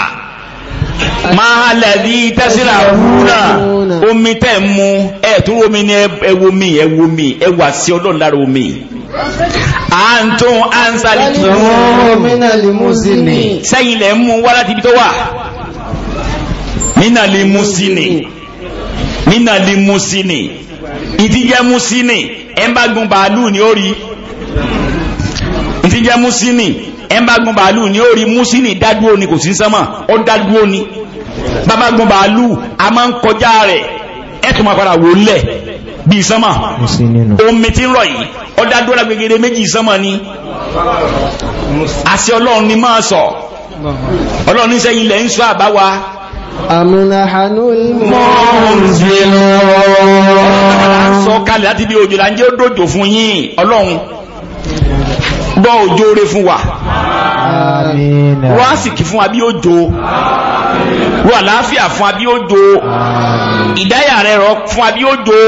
máa lẹ̀dí tẹ́sílà rúnà omi tẹ́ mú ẹ̀tùrú omi ní ẹwọ́ mi ẹwọ́ mi ẹwà sí ọlọ́lára omi a ń tó ánsàlì tó sẹ́yìnlẹ̀ mú wá láti ibi tó wà mínàlì musini mínàlì musini ìtìjẹ́ musini ẹ̀ ń bá gun bàálù ní orí ìtìjẹ́ musini ẹ̀ ń bá gun bàálù ní orí musini dádúró ni kò sí sánmà ó dádúró ni bàbá gun bàálù a máa ń kọjá rẹ̀ ẹ̀ tó wò lẹ̀ bí sánmà omi tí ń rọ̀ yìí ọdá dúró lágbègbè méjì sánmà ni àṣẹ ọlọ́run ni máa sọ ọlọ́run ní sẹ́yìn ilẹ̀ ń sọ àbáwa àmúnahanul mọ́ọ̀nzìlú sọ kalẹ̀ láti bí òjò là ó dòjò fún yín ọlọ́run gbọ́ òjò rẹ fún wa rọ àsìkí fún wa bí òjò rọ àlàáfíà fún wa bí òjò ìdáyà rẹ rọ fún wa bí òjò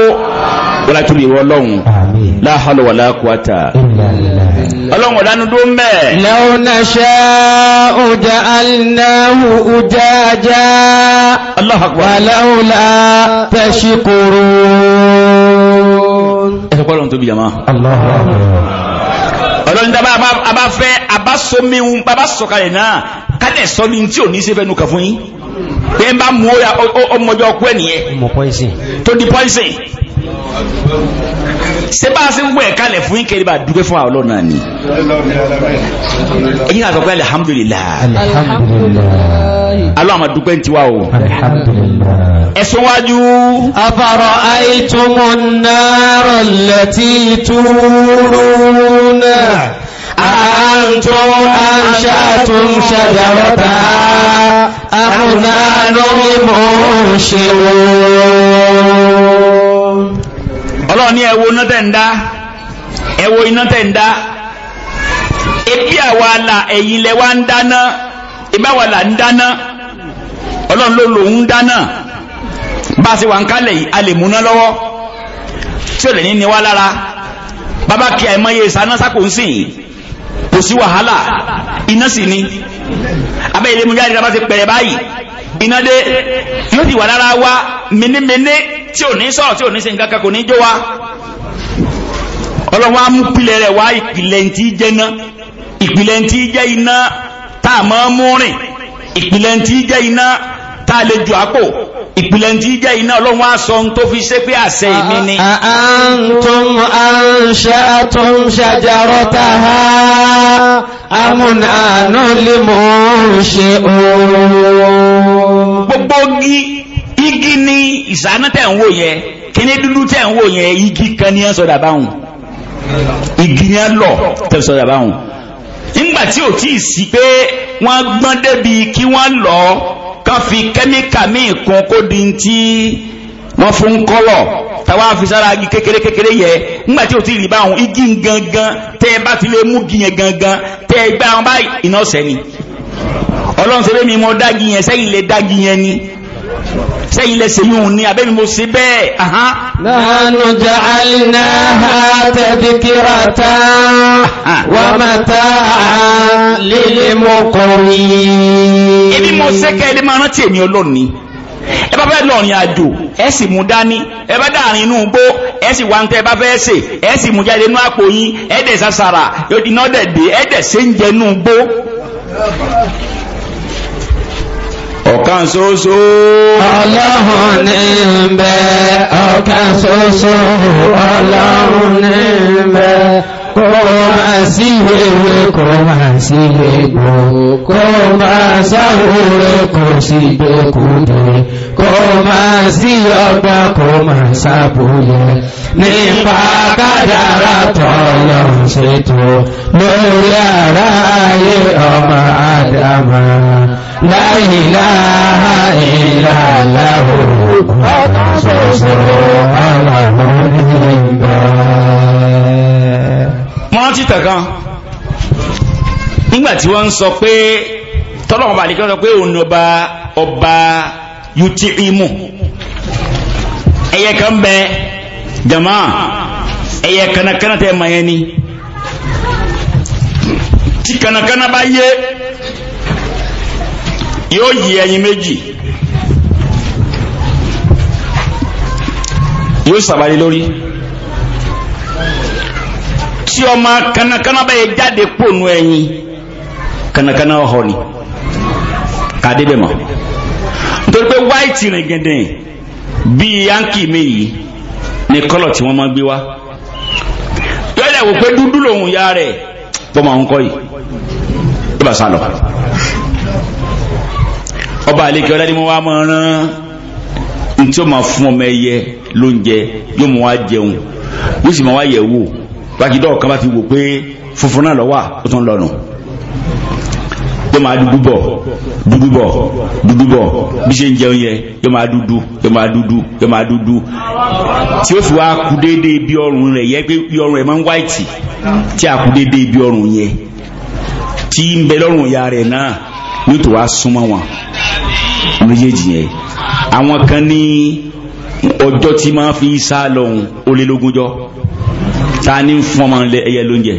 wọlá tó lè rọ ọlọ́run láhàlọ́ wà láàkúwátà ọlọ́run ọ̀dánú tó ń bẹ̀. lọ́nà ṣá ọjà aláhù ọjà ajá aláhùlá tẹ́ṣíkòrò ẹ̀sọ́pọ̀lọ́run tó bí jama. Allah ọlọ́ni tá a bá fẹ́ abásomiun bá sọ̀kalẹ̀ náà kálẹ̀ sọ ní tí ò ní ṣe fẹ́nu kàn fún yín pé ń bá mú ọmọjọ́ ọkú ẹ̀ nìyẹn tó di poison ṣé bá a ṣe ń wẹ̀ kalẹ̀ fún ìkẹrì bá dúpẹ́ fún àwọn ọlọ́run náà ni ẹ̀yìn àgbà pé alihamudulilayi alọ́ àmà dúpẹ́ ń tiwa o ẹ̀sùn wájú. afárọ̀ àìtúmọ̀ náírà lẹ́tí túrúnà àǹtún àṣàtún ṣàjàrọ̀tà àkùnà lórí mò ṣe wọ́n ọlọ́run ní ẹwo iná tẹ̀ ń dá ẹwo iná tẹ̀ ń dá ebi àwa la ẹ̀yin lẹ wa ń dáná ebi àwa la ń dáná ọlọ́run ló lòun ń dáná bá a ṣe wà ń kálẹ̀ yìí a lè múná lọ́wọ́ tí ò lè ní niwá lára bàbá kí àìmọye ìsáná sákò ń sìn kò sí wàhálà iná sì ni abẹ́ jáde lábá ti pẹ̀rẹ̀ báyìí iná dé yóò sì wà lára wa mìnímìní tí ò ní sọ tí ò ní ṣe nǹkan kò ní jó wa ọlọ́wọ́n mú pilẹ̀ rẹ̀ wá ìpìlẹ̀ ntí jẹ́ iná ìpìlẹ̀ ntí jẹ́ iná tá a máa mú rìn ìpìlẹ̀ ntí jẹ́ iná tá a lè ju àpò ìpìlẹ̀ tí jẹ́ iná ọlọ́run á sọ tó fi ṣe pé àṣẹ ìmí ni àántún àṣàtún ṣàjárọ́ta ha amúnàánú lè mọ́ ṣe ooo gbogbo igi igi ni ìsáná tẹ̀ ń wò yẹn kíní dúdú tẹ̀ ń wò yẹn igi kan ní sọ̀dà báwọn igi ní lọ tẹ̀ sọ̀dà báwọn nígbà tí ò tí ì sí pé wọ́n gbọ́n débi kí wọ́n lọ kán fi kẹ́míkà míì kún kó di ti wọ́n fún kọ́lọ̀ tàwa fi sára igi kékeré kékeré yẹ nígbà tí ò tí ì rí báwọn igi gangan tẹ́ ẹ bá ti lè mú gìyẹn gangan tẹ́ ẹ gbá wọn báyìí iná ọ̀sẹ̀ ni ọlọ́run sọ pé mi mo dági yẹn sẹ́yìn lè dági yẹn ni sẹ́yìn lè ṣe yóò ní abẹ́mi mo ṣe bẹ́ẹ̀ ahán. nahnu ja'alnaha tadhkiratan wa mata'an lil muqwin. ebi mo sẹ́kẹ̀ ẹni máa rántí èmi ọlọ́run ni ẹ bá fẹ́ lọ́rin àjò ẹ sì mú dání ẹ bá dàrin inú gbó ẹ sì wá ń tẹ́ ẹ bá fẹ́ ṣe ẹ sì mú jáde inú àpò yín ẹ dẹ̀ sàṣàrà iná dẹ̀ dé ẹ dẹ̀ ṣe ń jẹ inú gbó ọ̀kan ṣoṣo. ọlọ́run ní ń bẹ ọ̀kan ọlọ́run ní ń kó máa sí ewé kó máa sí egbò kó máa sáwòrè kó sí gbẹkùdé kó máa sí ọgbà kó máa sábòyẹ nípa kádàrá tọ́lọ̀ ṣètò lórí ara ayé ọmọ àdàmà láìláà ìlàláwò ọ̀tọ̀ ṣoṣo àwọn ọmọ nígbà mọ́rántí tẹ̀kan nígbàtí wọ́n ń sọ pé tọ́lọ́wọ́n bá nìkan sọ pé òun ọba ọba yuti imu ẹyẹ kan bẹ jama ẹyẹ kanakana tẹ ma yẹn ni tí kanakana bá yé yóò yí ẹyin méjì yóò sàbàlì lórí. tí ọmọ kanakana bá yẹ jáde pònú ẹyin kanakana ọhọ ni kàdé bẹ́ẹ̀ mọ́ nítorí pé white rìn gẹ̀dẹ̀ bíi yankee mi ni kọ́lọ̀ tí wọ́n máa gbé wá yọ̀ọ́dẹ̀ wò pé dúdú lòun ya rẹ̀ fọmọ àwọn kọ́ yìí tó sálọ ọba mo wá rán máa fún ọmọ lóúnjẹ yóò wá jẹun yóò sì wá wò wákìdọ́ kan bá ti wò pé funfun náà lọ wà ó tún lọ́nu yóò máa dúdú bọ̀ dúdú bọ̀ dúdú bọ̀ bí ṣe ń jẹun yẹ yóò máa dúdú yóò máa dúdú yóò máa dúdú tí ó fi wá kú déédéé bí ọrùn rẹ̀ yẹ pé bí ọrùn rẹ̀ máa ń wáìtì tí a kú déédéé bí ọrùn yẹn tí ń bẹ lọ́rùn ìyá rẹ̀ náà yóò tó wá súnmọ́ wọn méjèèjì yẹn àwọn kan ní ọjọ́ tí máa fi sá lọ́hùn ó lé lógúnjọ́ ta ni ń fún ọmọ ẹyẹ lóúnjẹ.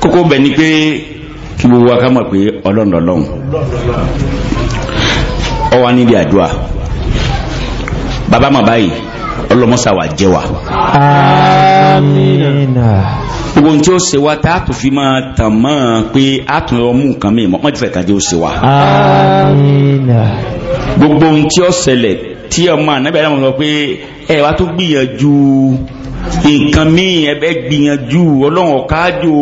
kókó bẹ̀ ni pé kí gbogbo wa ká mọ̀ pé ọlọ́run ọlọ́run ọ wá níbi àdúrà bàbá mọ̀ báyìí ọlọ́mọ́sà wà jẹ́ wa. amina. gbogbo ohun tí ó ṣe wa tá a tún fi máa tàn mọ́ pé a tún yọ mú nǹkan mìíràn mọ́ ti fẹ́ kájé ó ṣe wa. gbogbo ohun tí ó ṣẹlẹ̀ tí ọmọ ànábì Ádámù sọ pé ẹ wá tó gbìyànjú nǹkan míì ẹbẹ gbìyànjú ọlọ́run ọ̀kájò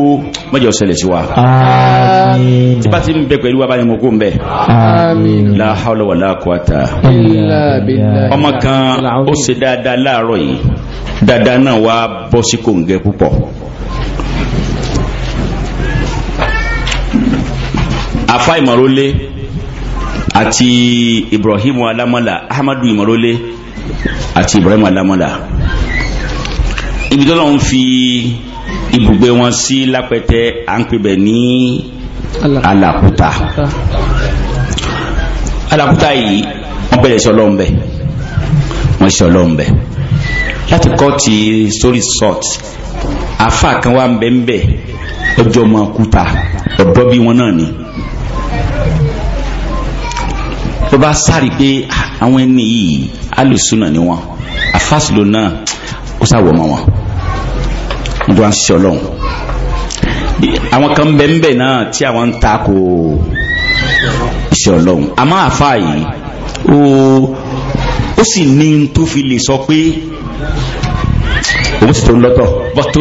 mọ́jọ ṣẹlẹ̀ sí wa àmín tí bá ti ń bẹ pẹ̀lú wa bá ní mọ́kó ń bẹ àmín la hawla wala quwata ọmọ kan ó ṣe dáadáa láàárọ̀ yìí dáadáa náà wá bọ́ sí kòǹgẹ́ púpọ̀ àfa ìmọ̀ró lé àti Ibrahim Alamola Ahmadu Imarole ati Ibrahim Alamola ibi tó lọ́n fi ibùgbé wọn sí lápẹtẹ à ń pèbẹ̀ ní Alakuta Alakuta yìí wọ́n bẹ̀rẹ̀ sí ọlọ́mbẹ̀ wọ́n sí ọlọ́mbẹ̀ láti kọ́ ti story short afa kan wa ń bẹ̀ ń bẹ̀ ọjọ́ ọmọ Kúta ọ̀dọ́ bí wọn náà ni. ló bá sáré pé ah, àwọn ẹni yìí alùsùnà ni wọn àfàsùlù náà ó sáwọ̀ mọ́ wọn wọn tó wá ń ṣiṣẹ́ ọlọ́run àwọn kan bẹ́ẹ̀ náà tí àwọn ń ta kò iṣẹ́ ọlọ́run àmọ́ àfa yìí ó ó sì ní tó fi lè sọ pé òun ti tó lọ́tọ̀ bọ́ tó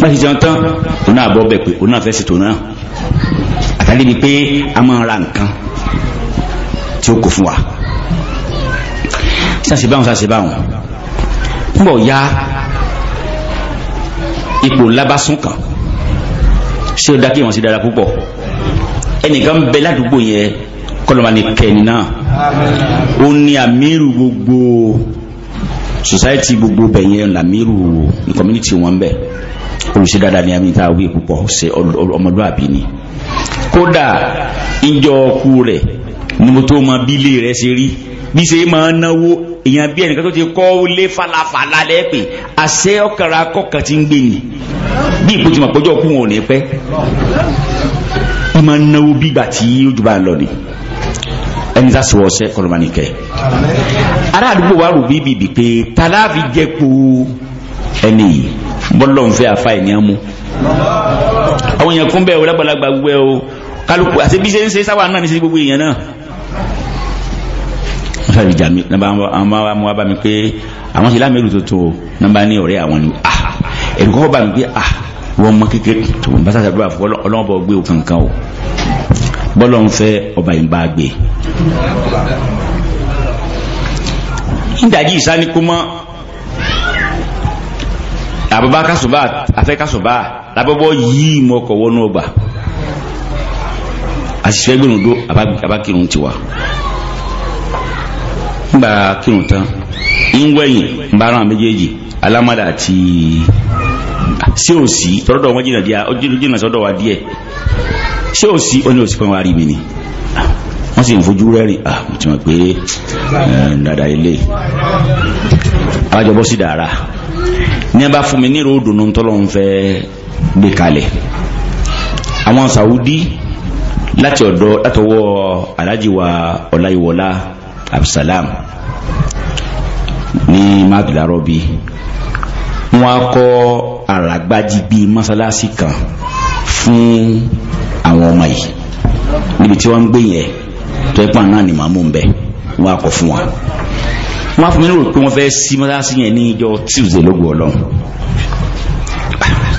bá ti jẹun tán òun náà bọ́ bẹ̀ pé òun náà fẹ́ ṣètò náà àtàlẹ́ bíi pé a máa ra nǹkan tí ó kò fún wa sàṣẹ báwọn sàṣẹ báwọn ń bọ̀ ya ipò labásún kan ṣé o dá kí wọn sì dára púpọ̀ ẹnìkan bẹ ládùúgbò yẹn kọlọmọ ni kẹni náà ó ní àmírù gbogbo society gbogbo bẹ̀yẹn làmírù ní community wọn bẹ̀ olùsí dáadáa ni àmì tá a wí púpọ̀ ṣe ọmọlúàbí ni kódà ìjọ ọkú rẹ̀ ni mo tó mọ bí ilé rẹ̀ ṣe rí bí ṣe máa náwó èèyàn bí ẹnìkan tó ti kọ́ lé falafala lẹ́pẹ́ àṣẹ ọkàrà akọ́kàn ti ń gbé ni bí ipò tí mo pọ́jọ́ kú wọn ò ní pẹ́ ẹ máa náwó bí ìgbà tí ojú bá lọ ni ẹni tá sọ ọsẹ kọlọmánìkẹ ará àdúgbò wa rò bí bìbì pé tàlàfi jẹ́ po ẹni yìí bọ́lọ̀ ń fẹ́ àfa ènìyàn mu. àwọn èèyàn kún bẹ́ẹ̀ o lágbàlagbà gbogbo ẹ o kálukú àti bí ṣe ń ṣe sáwà náà ní ṣe gbogbo èèyàn náà. wọ́n sábà jà mí nàbà àwọn ọmọ wa bá mi pé àwọn ṣe láàmì tuntun nàbà ní ọ̀rẹ́ àwọn ni ah èrò kọ́kọ́ bá mi pé ah wọ́n mọ kékeré tó ń bá sàdúrà fún ọlọ́mọbọ gbé òkan kan o bọ́lọ̀ ń fẹ́ ọba ìbá gbé. ń àbúbá kásùbá afẹ́ kásùbá lábọ́bọ́ yìí mọ́ ọkọ̀ wọnú ọgbà àṣìṣe gbẹ̀rún dó abákirun tiwa ńgbà kirun tán ńwẹ̀yìn ńbàrán méjèèjì alámàdà àti ṣé ò sí tọ́lọ́dọ̀ wọn jìnnà díẹ̀ ọjọ́ jìnnà sọ́dọ̀ wa díẹ̀ ṣé ò sí ó ní òsì pẹ́ wọn àrími ni wọ́n sì ń fojú rẹ́rìn ah mo ti mọ̀ pé eh, dáadáa ilé àbájọ bọ́ sí dáadáa ní a bá fún mi ní ìró dùnú tọ́lọ̀ ń fẹ́ gbé kalẹ̀ àwọn Saudi láti ọ̀dọ̀ látọwọ́ Alhaji wa Ọláyíwọlá Abdulsalam ní magdarobi wọ́n á kọ́ àràgbájí bíi mọ́sálásí kan fún àwọn ọmọ yìí níbi tí wọ́n ń gbé yẹn tó ẹ pọn ni màmú ń bẹ wọ́n á kọ́ fún wa wọ́n á fún mi ní rò pé wọ́n fẹ́ sí mọ́tàsí yẹn ní ìjọ tíwùsẹ̀ lógo ọlọ́run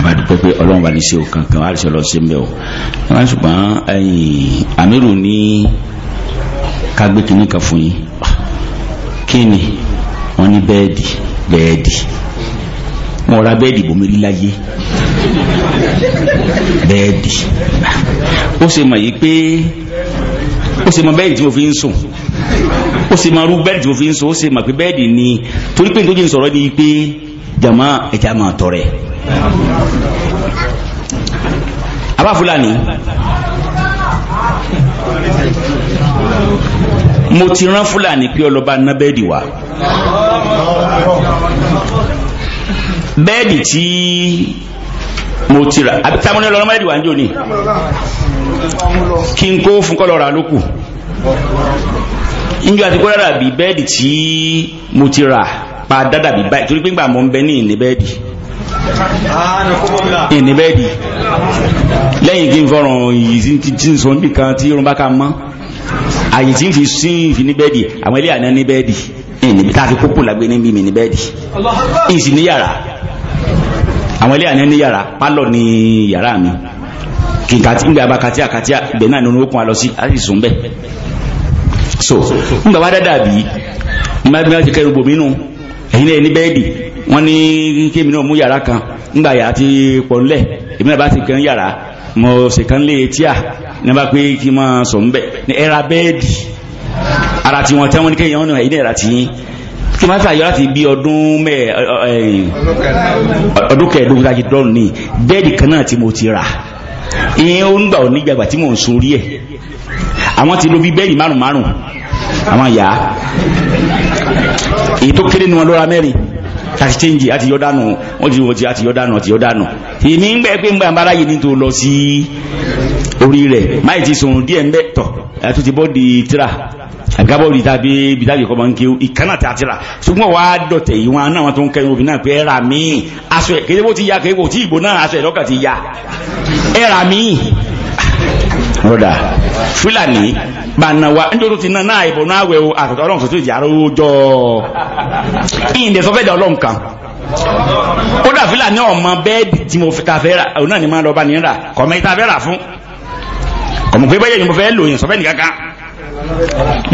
bá dúpẹ́ pé ọlọ́run bá ní ṣe òkan kan wá ṣe ọlọ́run ṣe ń bẹ̀ o wọ́n ṣùgbọ́n àmírù ní kágbé kìíní kan fún yín kíni wọ́n ní bẹ́ẹ̀dì bẹ́ẹ̀dì wọ́n ra bẹ́ẹ̀dì bòmírí láyé bẹ́ẹ̀dì ó ṣe mọ̀ yìí pé ó ṣe mọ̀ bẹ́ẹ̀dì tí mo fi ń sùn ó sì máa rú bẹ́ẹ̀dì tó fi ń so ó sì máa pé bẹ́ẹ̀dì ni torí pé nítorí sọ̀rọ̀ ni pé jama ẹja máa tọrẹ. abá fúlàní mo ti rán fúlàní pé ọlọ́ba ná bẹ́ẹ̀dì wá bẹ́ẹ̀dì tí mo ti rà àbí táwọn ní ọlọ́run bẹ́ẹ̀dì wá ń jò ní kí n kó fún kọ́ lọ́ra lókù níjọ́ àti kó dàdàbí bẹ́ẹ̀dì tí mo ti rà pa dàdàbí báyìí torí pé ńgbà mo ń bẹ ní ìní bẹ́ẹ̀dì ìní bẹ́ẹ̀dì lẹ́yìn kí n fọ́ràn yìí tí n sọ nìkan tí irun bá ka mọ́ àyè tí n fi sí ìfini bẹ́ẹ̀dì àwọn ilé àná ní bẹ́ẹ̀dì ìní tá a kókò lágbé níbi mi ní bẹ́ẹ̀dì ìsì ní yàrá àwọn ilé àná ní yàrá pálọ̀ ní yàrá mi kìkàtí ń gbé abakatíà katíà ibẹ̀ náà nínú okùn alọ sí a bẹ́ẹ̀. so ńgbà wá dáadáa bí má bí wọ́n ti kẹ́rù bòmí nù ẹ̀yin náà ní bẹ́ẹ̀dì yàrá kan ńgbà yàrá ti pọ̀ ńlẹ̀ èmi na bá ti kàn yàrá mo sì kàn lé etí à ní bá n ara ti wọn náà ẹ̀yin náà ẹ̀ra tì í kí máa láti bí ọdún mẹ́ ọdún àwọn ti lo bí bẹ́ẹ̀lì márùn márùn àwọn yà á èyí tó kéré ni wọn lọ́ra mẹ́rin láti chẹ́ǹjì àti yọ dànù wọ́n ti wọ́n ti àti yọ dànù àti yọ dànù èmi ń gbẹ́ pé ń gbà bára yìí ní tó lọ sí orí rẹ̀ máyì ti sùn díẹ̀ ń bẹ́ tọ̀ àti ti bọ́ di tíra àgábọ̀ di tàbí ibi tàbí kọ́ máa ń ké ìkànnà tà tíra ṣùgbọ́n wàá dọ̀tẹ̀ yìí wọn náà wọn tó ń kẹ́yìn obìnrin náà pé ẹ̀rà míì aṣọ ẹ̀ kéde ti ya kéde bó ti ìbò náà aṣọ ẹ̀ ti ya ẹ̀rà míì lọ́dà fúlàní bá na wa nítorí ti náà ìbọn náà wẹ̀ o àtọ̀tọ̀ ọlọ́run sọ tó ìjà arówó jọ ìyìnde sọfẹ́ dẹ ọlọ́run kan ó dà fúlàní ọmọ bẹ́ẹ̀dì tí mo ta fẹ́ rà òun náà ni máa lọ bá ní rà kọ̀mọ́ ìta fẹ́ rà fún kọ̀mọ́ pé bẹ́ẹ̀ ni mo fẹ́ lò yẹn sọfẹ́ nìkankan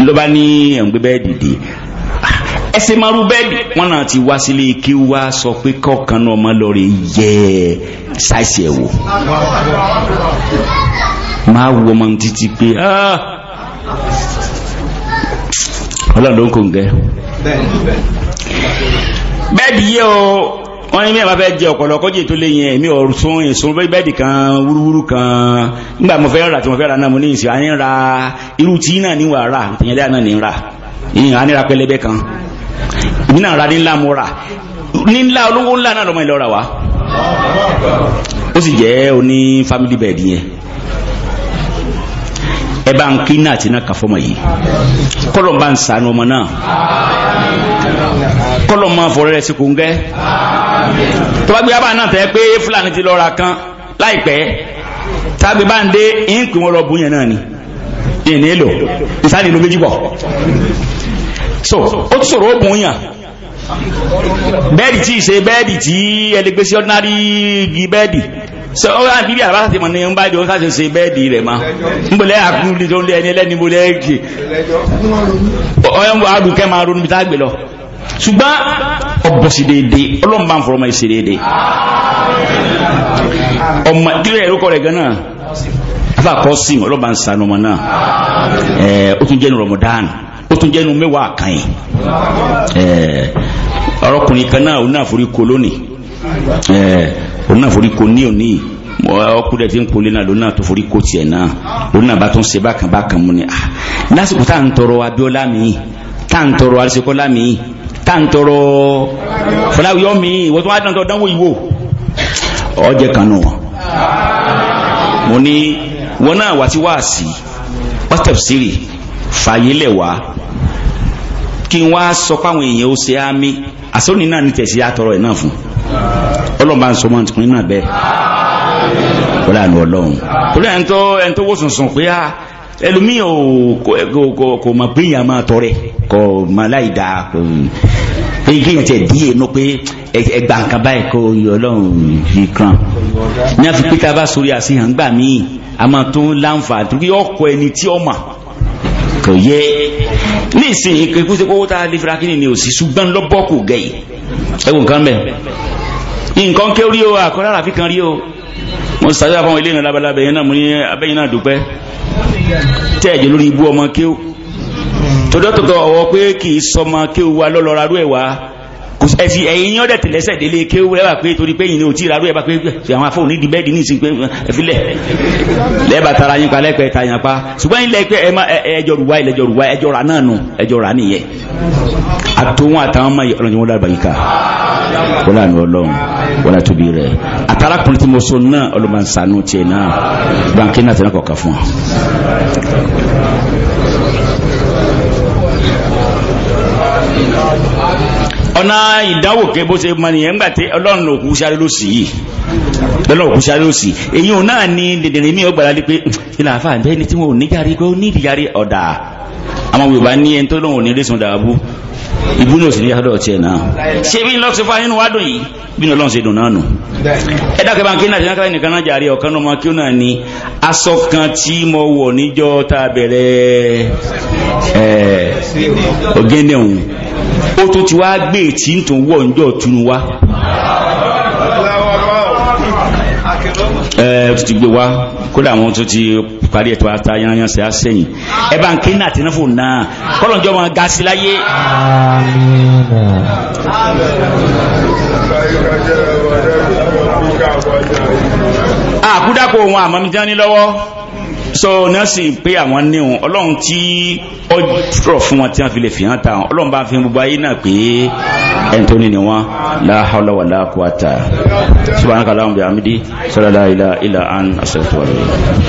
ló bá ní ẹ̀ ń gbé bẹ́ẹ̀dì dé ẹsẹ̀ máa rú wọn náà ti wá sílé kí wá sọ pé kọ̀ọ̀kan náà ọmọ lọ yẹ ṣáìsì wò máa wọ ọmọ títí pé ah! ọlọ́run ló ń kò ń gẹ́ bẹ́ẹ̀dì yé o wọ́n ní mẹ́wàá fẹ́ jẹ ọ̀pọ̀lọ̀ kọ́jì tó lé yẹn mi ọ̀rùn sún èso bẹ́ẹ̀dì kan wúrúwúrú kan nígbà mo fẹ́ rà tí mo fẹ́ rà náà mo ní ìsìn àyín ra irú tí náà ní wàá rà ìtẹ̀yẹ́dẹ́ náà ní rà ìyìn àníra pẹlẹbẹ kan ìbí náà ra ní ńlá mo rà ní ńlá olówó ńlá náà lọ́mọ ìlọ́ra wa ó sì jẹ́ oní family bed yẹn ẹ bá ń kí náà ka náà fọmọ yìí kọlọ̀ bá ń ọmọ náà kọlọ̀ máa fọ̀rọ̀ rẹ̀ sí tó bá gbé abá náà tẹ́ pé fúlàní ti lọ́ra kan láìpẹ́ tábí bá ń dé ìǹkì wọn lọ bóyá náà ni ìní ìsáni méjì so ó sọ̀rọ̀ bẹ́ẹ̀dì tí ì ṣe bẹ́ẹ̀dì tí bẹ́ẹ̀dì sọ ọ́rọ́ àti bí àbáṣe mọ̀ ní ń bá jọ ń sáṣe ṣe bẹ́ẹ̀dì rẹ̀ ma ń bọ̀lẹ́ àkúrú tó ń lé ẹni ẹlẹ́ni bó lẹ́ẹ̀kì ọ̀yọ́ ń bọ̀ lọ ṣùgbọ́n sí dédé ọlọ́run bá ń fọ̀rọ̀ dédé ọmọ ẹ̀rọ rẹ̀ afa kọ́ sí ọlọ́run bá ń sanu ọmọ náà ó tún jẹ́nu ó tún jẹ́nu mẹ́wàá òun náà forí ko ní òní ọkùnrin tí ń kólé náà lónà tó forí ko tiẹ̀ náà lónà bá tó ń ṣe bákan bákan mu ni ah, lásìkò tá à ń tọrọ Abíọ́lá mi tá à ń tọrọ Alisekola mi tá à ń tọrọ Fọláwíyọ mi ìwọ tó wá dáná tó dánwó ìwò ọjẹ kan nù wọn. mo ní wọn náà wá sí wáàsí pásítọ̀ sírì fààyè lẹ̀ wá kí n wá sọ páwọn èèyàn ó ṣe á mi àsọ́ni náà ní tẹ̀sí àtọrọ ẹ̀ náà fún un ọlọ́mọba ń sọmọ tìkún náà bẹ́ẹ̀ wọ́n lànà ọlọ́run torí ẹ̀ ń tó ẹ̀ ń tó wó sùnsùn pé a ah, ẹlòmíì ò kò mọ̀ pé èèyàn máa tọrẹ kò mọ̀ láì dá pé kéèyàn tiẹ̀ díye nú pé ẹgbà nǹkan báyìí kó yọ ọlọ́run fi kàn ní àfi pété a bá sori àṣehàn gbà míì a máa tún láǹfààní torí ọkọ ẹni tí ọ mà kò yẹ ní ìsìn ìkékúsẹ́kọ́wọ́ta lè fira kí ni ò sí ṣùgbọ́n lọ́bọ́ kò gẹ̀yì ẹ̀wọ̀n kan bẹ́ẹ̀ nǹkan ké rí o àkọ́rẹ́ àràfi kan rí o mo sàdé àfọwọ́n ilé ìrìn labalábẹ́ yẹn náà mo ní abẹ́yìn náà dúpẹ́ tẹ́ẹ̀jẹ̀ lórí ibú ọmọ kéw tòdọ́tòtò ọ̀wọ́ pé kì í sọmọ kéw wa lọ́lọ́ra rú ẹ̀ wá ẹ̀fì ẹ̀yìn yọ́dẹ̀ tẹ̀lẹ́sẹ̀ délé kéw ẹ̀ wà pé torí pé ìyìn òtí ìrarú ẹ̀ bá pé àwọn afọ́ di bẹ́ẹ̀dì ní ìsìn ẹ̀fílẹ̀ lẹ́ẹ̀bà tara pa lẹ́pẹ́ ta yàn pa ṣùgbọ́n ilẹ̀ pé ẹjọ́ rúwa ẹjọ́ rúwa ẹjọ́ rà náà nù ẹjọ́ Wala tóbi rẹ̀ àtàrà kùnrin tí mo so náà ọlọ́mọ̀nsánú tiẹ̀ náà gbàǹkì náà tẹ̀lé kọ̀ọ̀kan fún wa. ọ̀nà ìdáwò ké bó ṣe mọ nìyẹn ńgbà tí ọlọ́run ló kú ló sì yìí lọ́lọ́ òkú sáré sì èyí òun náà ni dèdèrè mi ó gbàdá lé pé kí náà fà bẹ́ẹ̀ ni tí wọn ò ní yàrí pé ní ìdíyàrí ọ̀dà àwọn Yorùbá ní ẹni tó lóun ò ní rí sun dàbú ibú ní òsìlẹ̀ àdọ̀ ọ̀tí ẹ̀ náà ṣe bí lọ sí fáyínú wá dùn yìí bí ní ọlọ́run ṣe dùn náà nù ẹ̀dàkẹ́ bá ń kí náà jẹ́nàkàlá nìkan náà jàre ọ̀kan náà máa kí ó náà ní aṣọ kan tí mo wọ̀ níjọ́ tá a bẹ̀rẹ̀ ẹ̀ ọ̀gẹ́ndẹ̀ òun ó tún ti wá gbé tí ń tún wọ̀ níjọ́ tún wá ẹ tó ti gbé wá kódà àwọn tó ti parí ẹ̀tọ́ ata yanyan sí àsẹ̀yìn ẹ bá ń kí ní àtẹnáfò náà kọ́lọ̀njọ́ wọn ga sí láyé. àkúdàkọ̀ ohun àmọ́mídání lọ́wọ́ so nọ́ọ̀sì pé àwọn níhun ọlọ́run tí ó rọ̀ fún wọn tí wọ́n fi lè fi hàn ta wọn ọlọ́run bá fi gbogbo ayé náà pé ẹni ni wọn la hawla wala quwata subhanaka allahumma bihamdi sọlá ilà ilà an asọ̀rọ̀ tó wà lórí.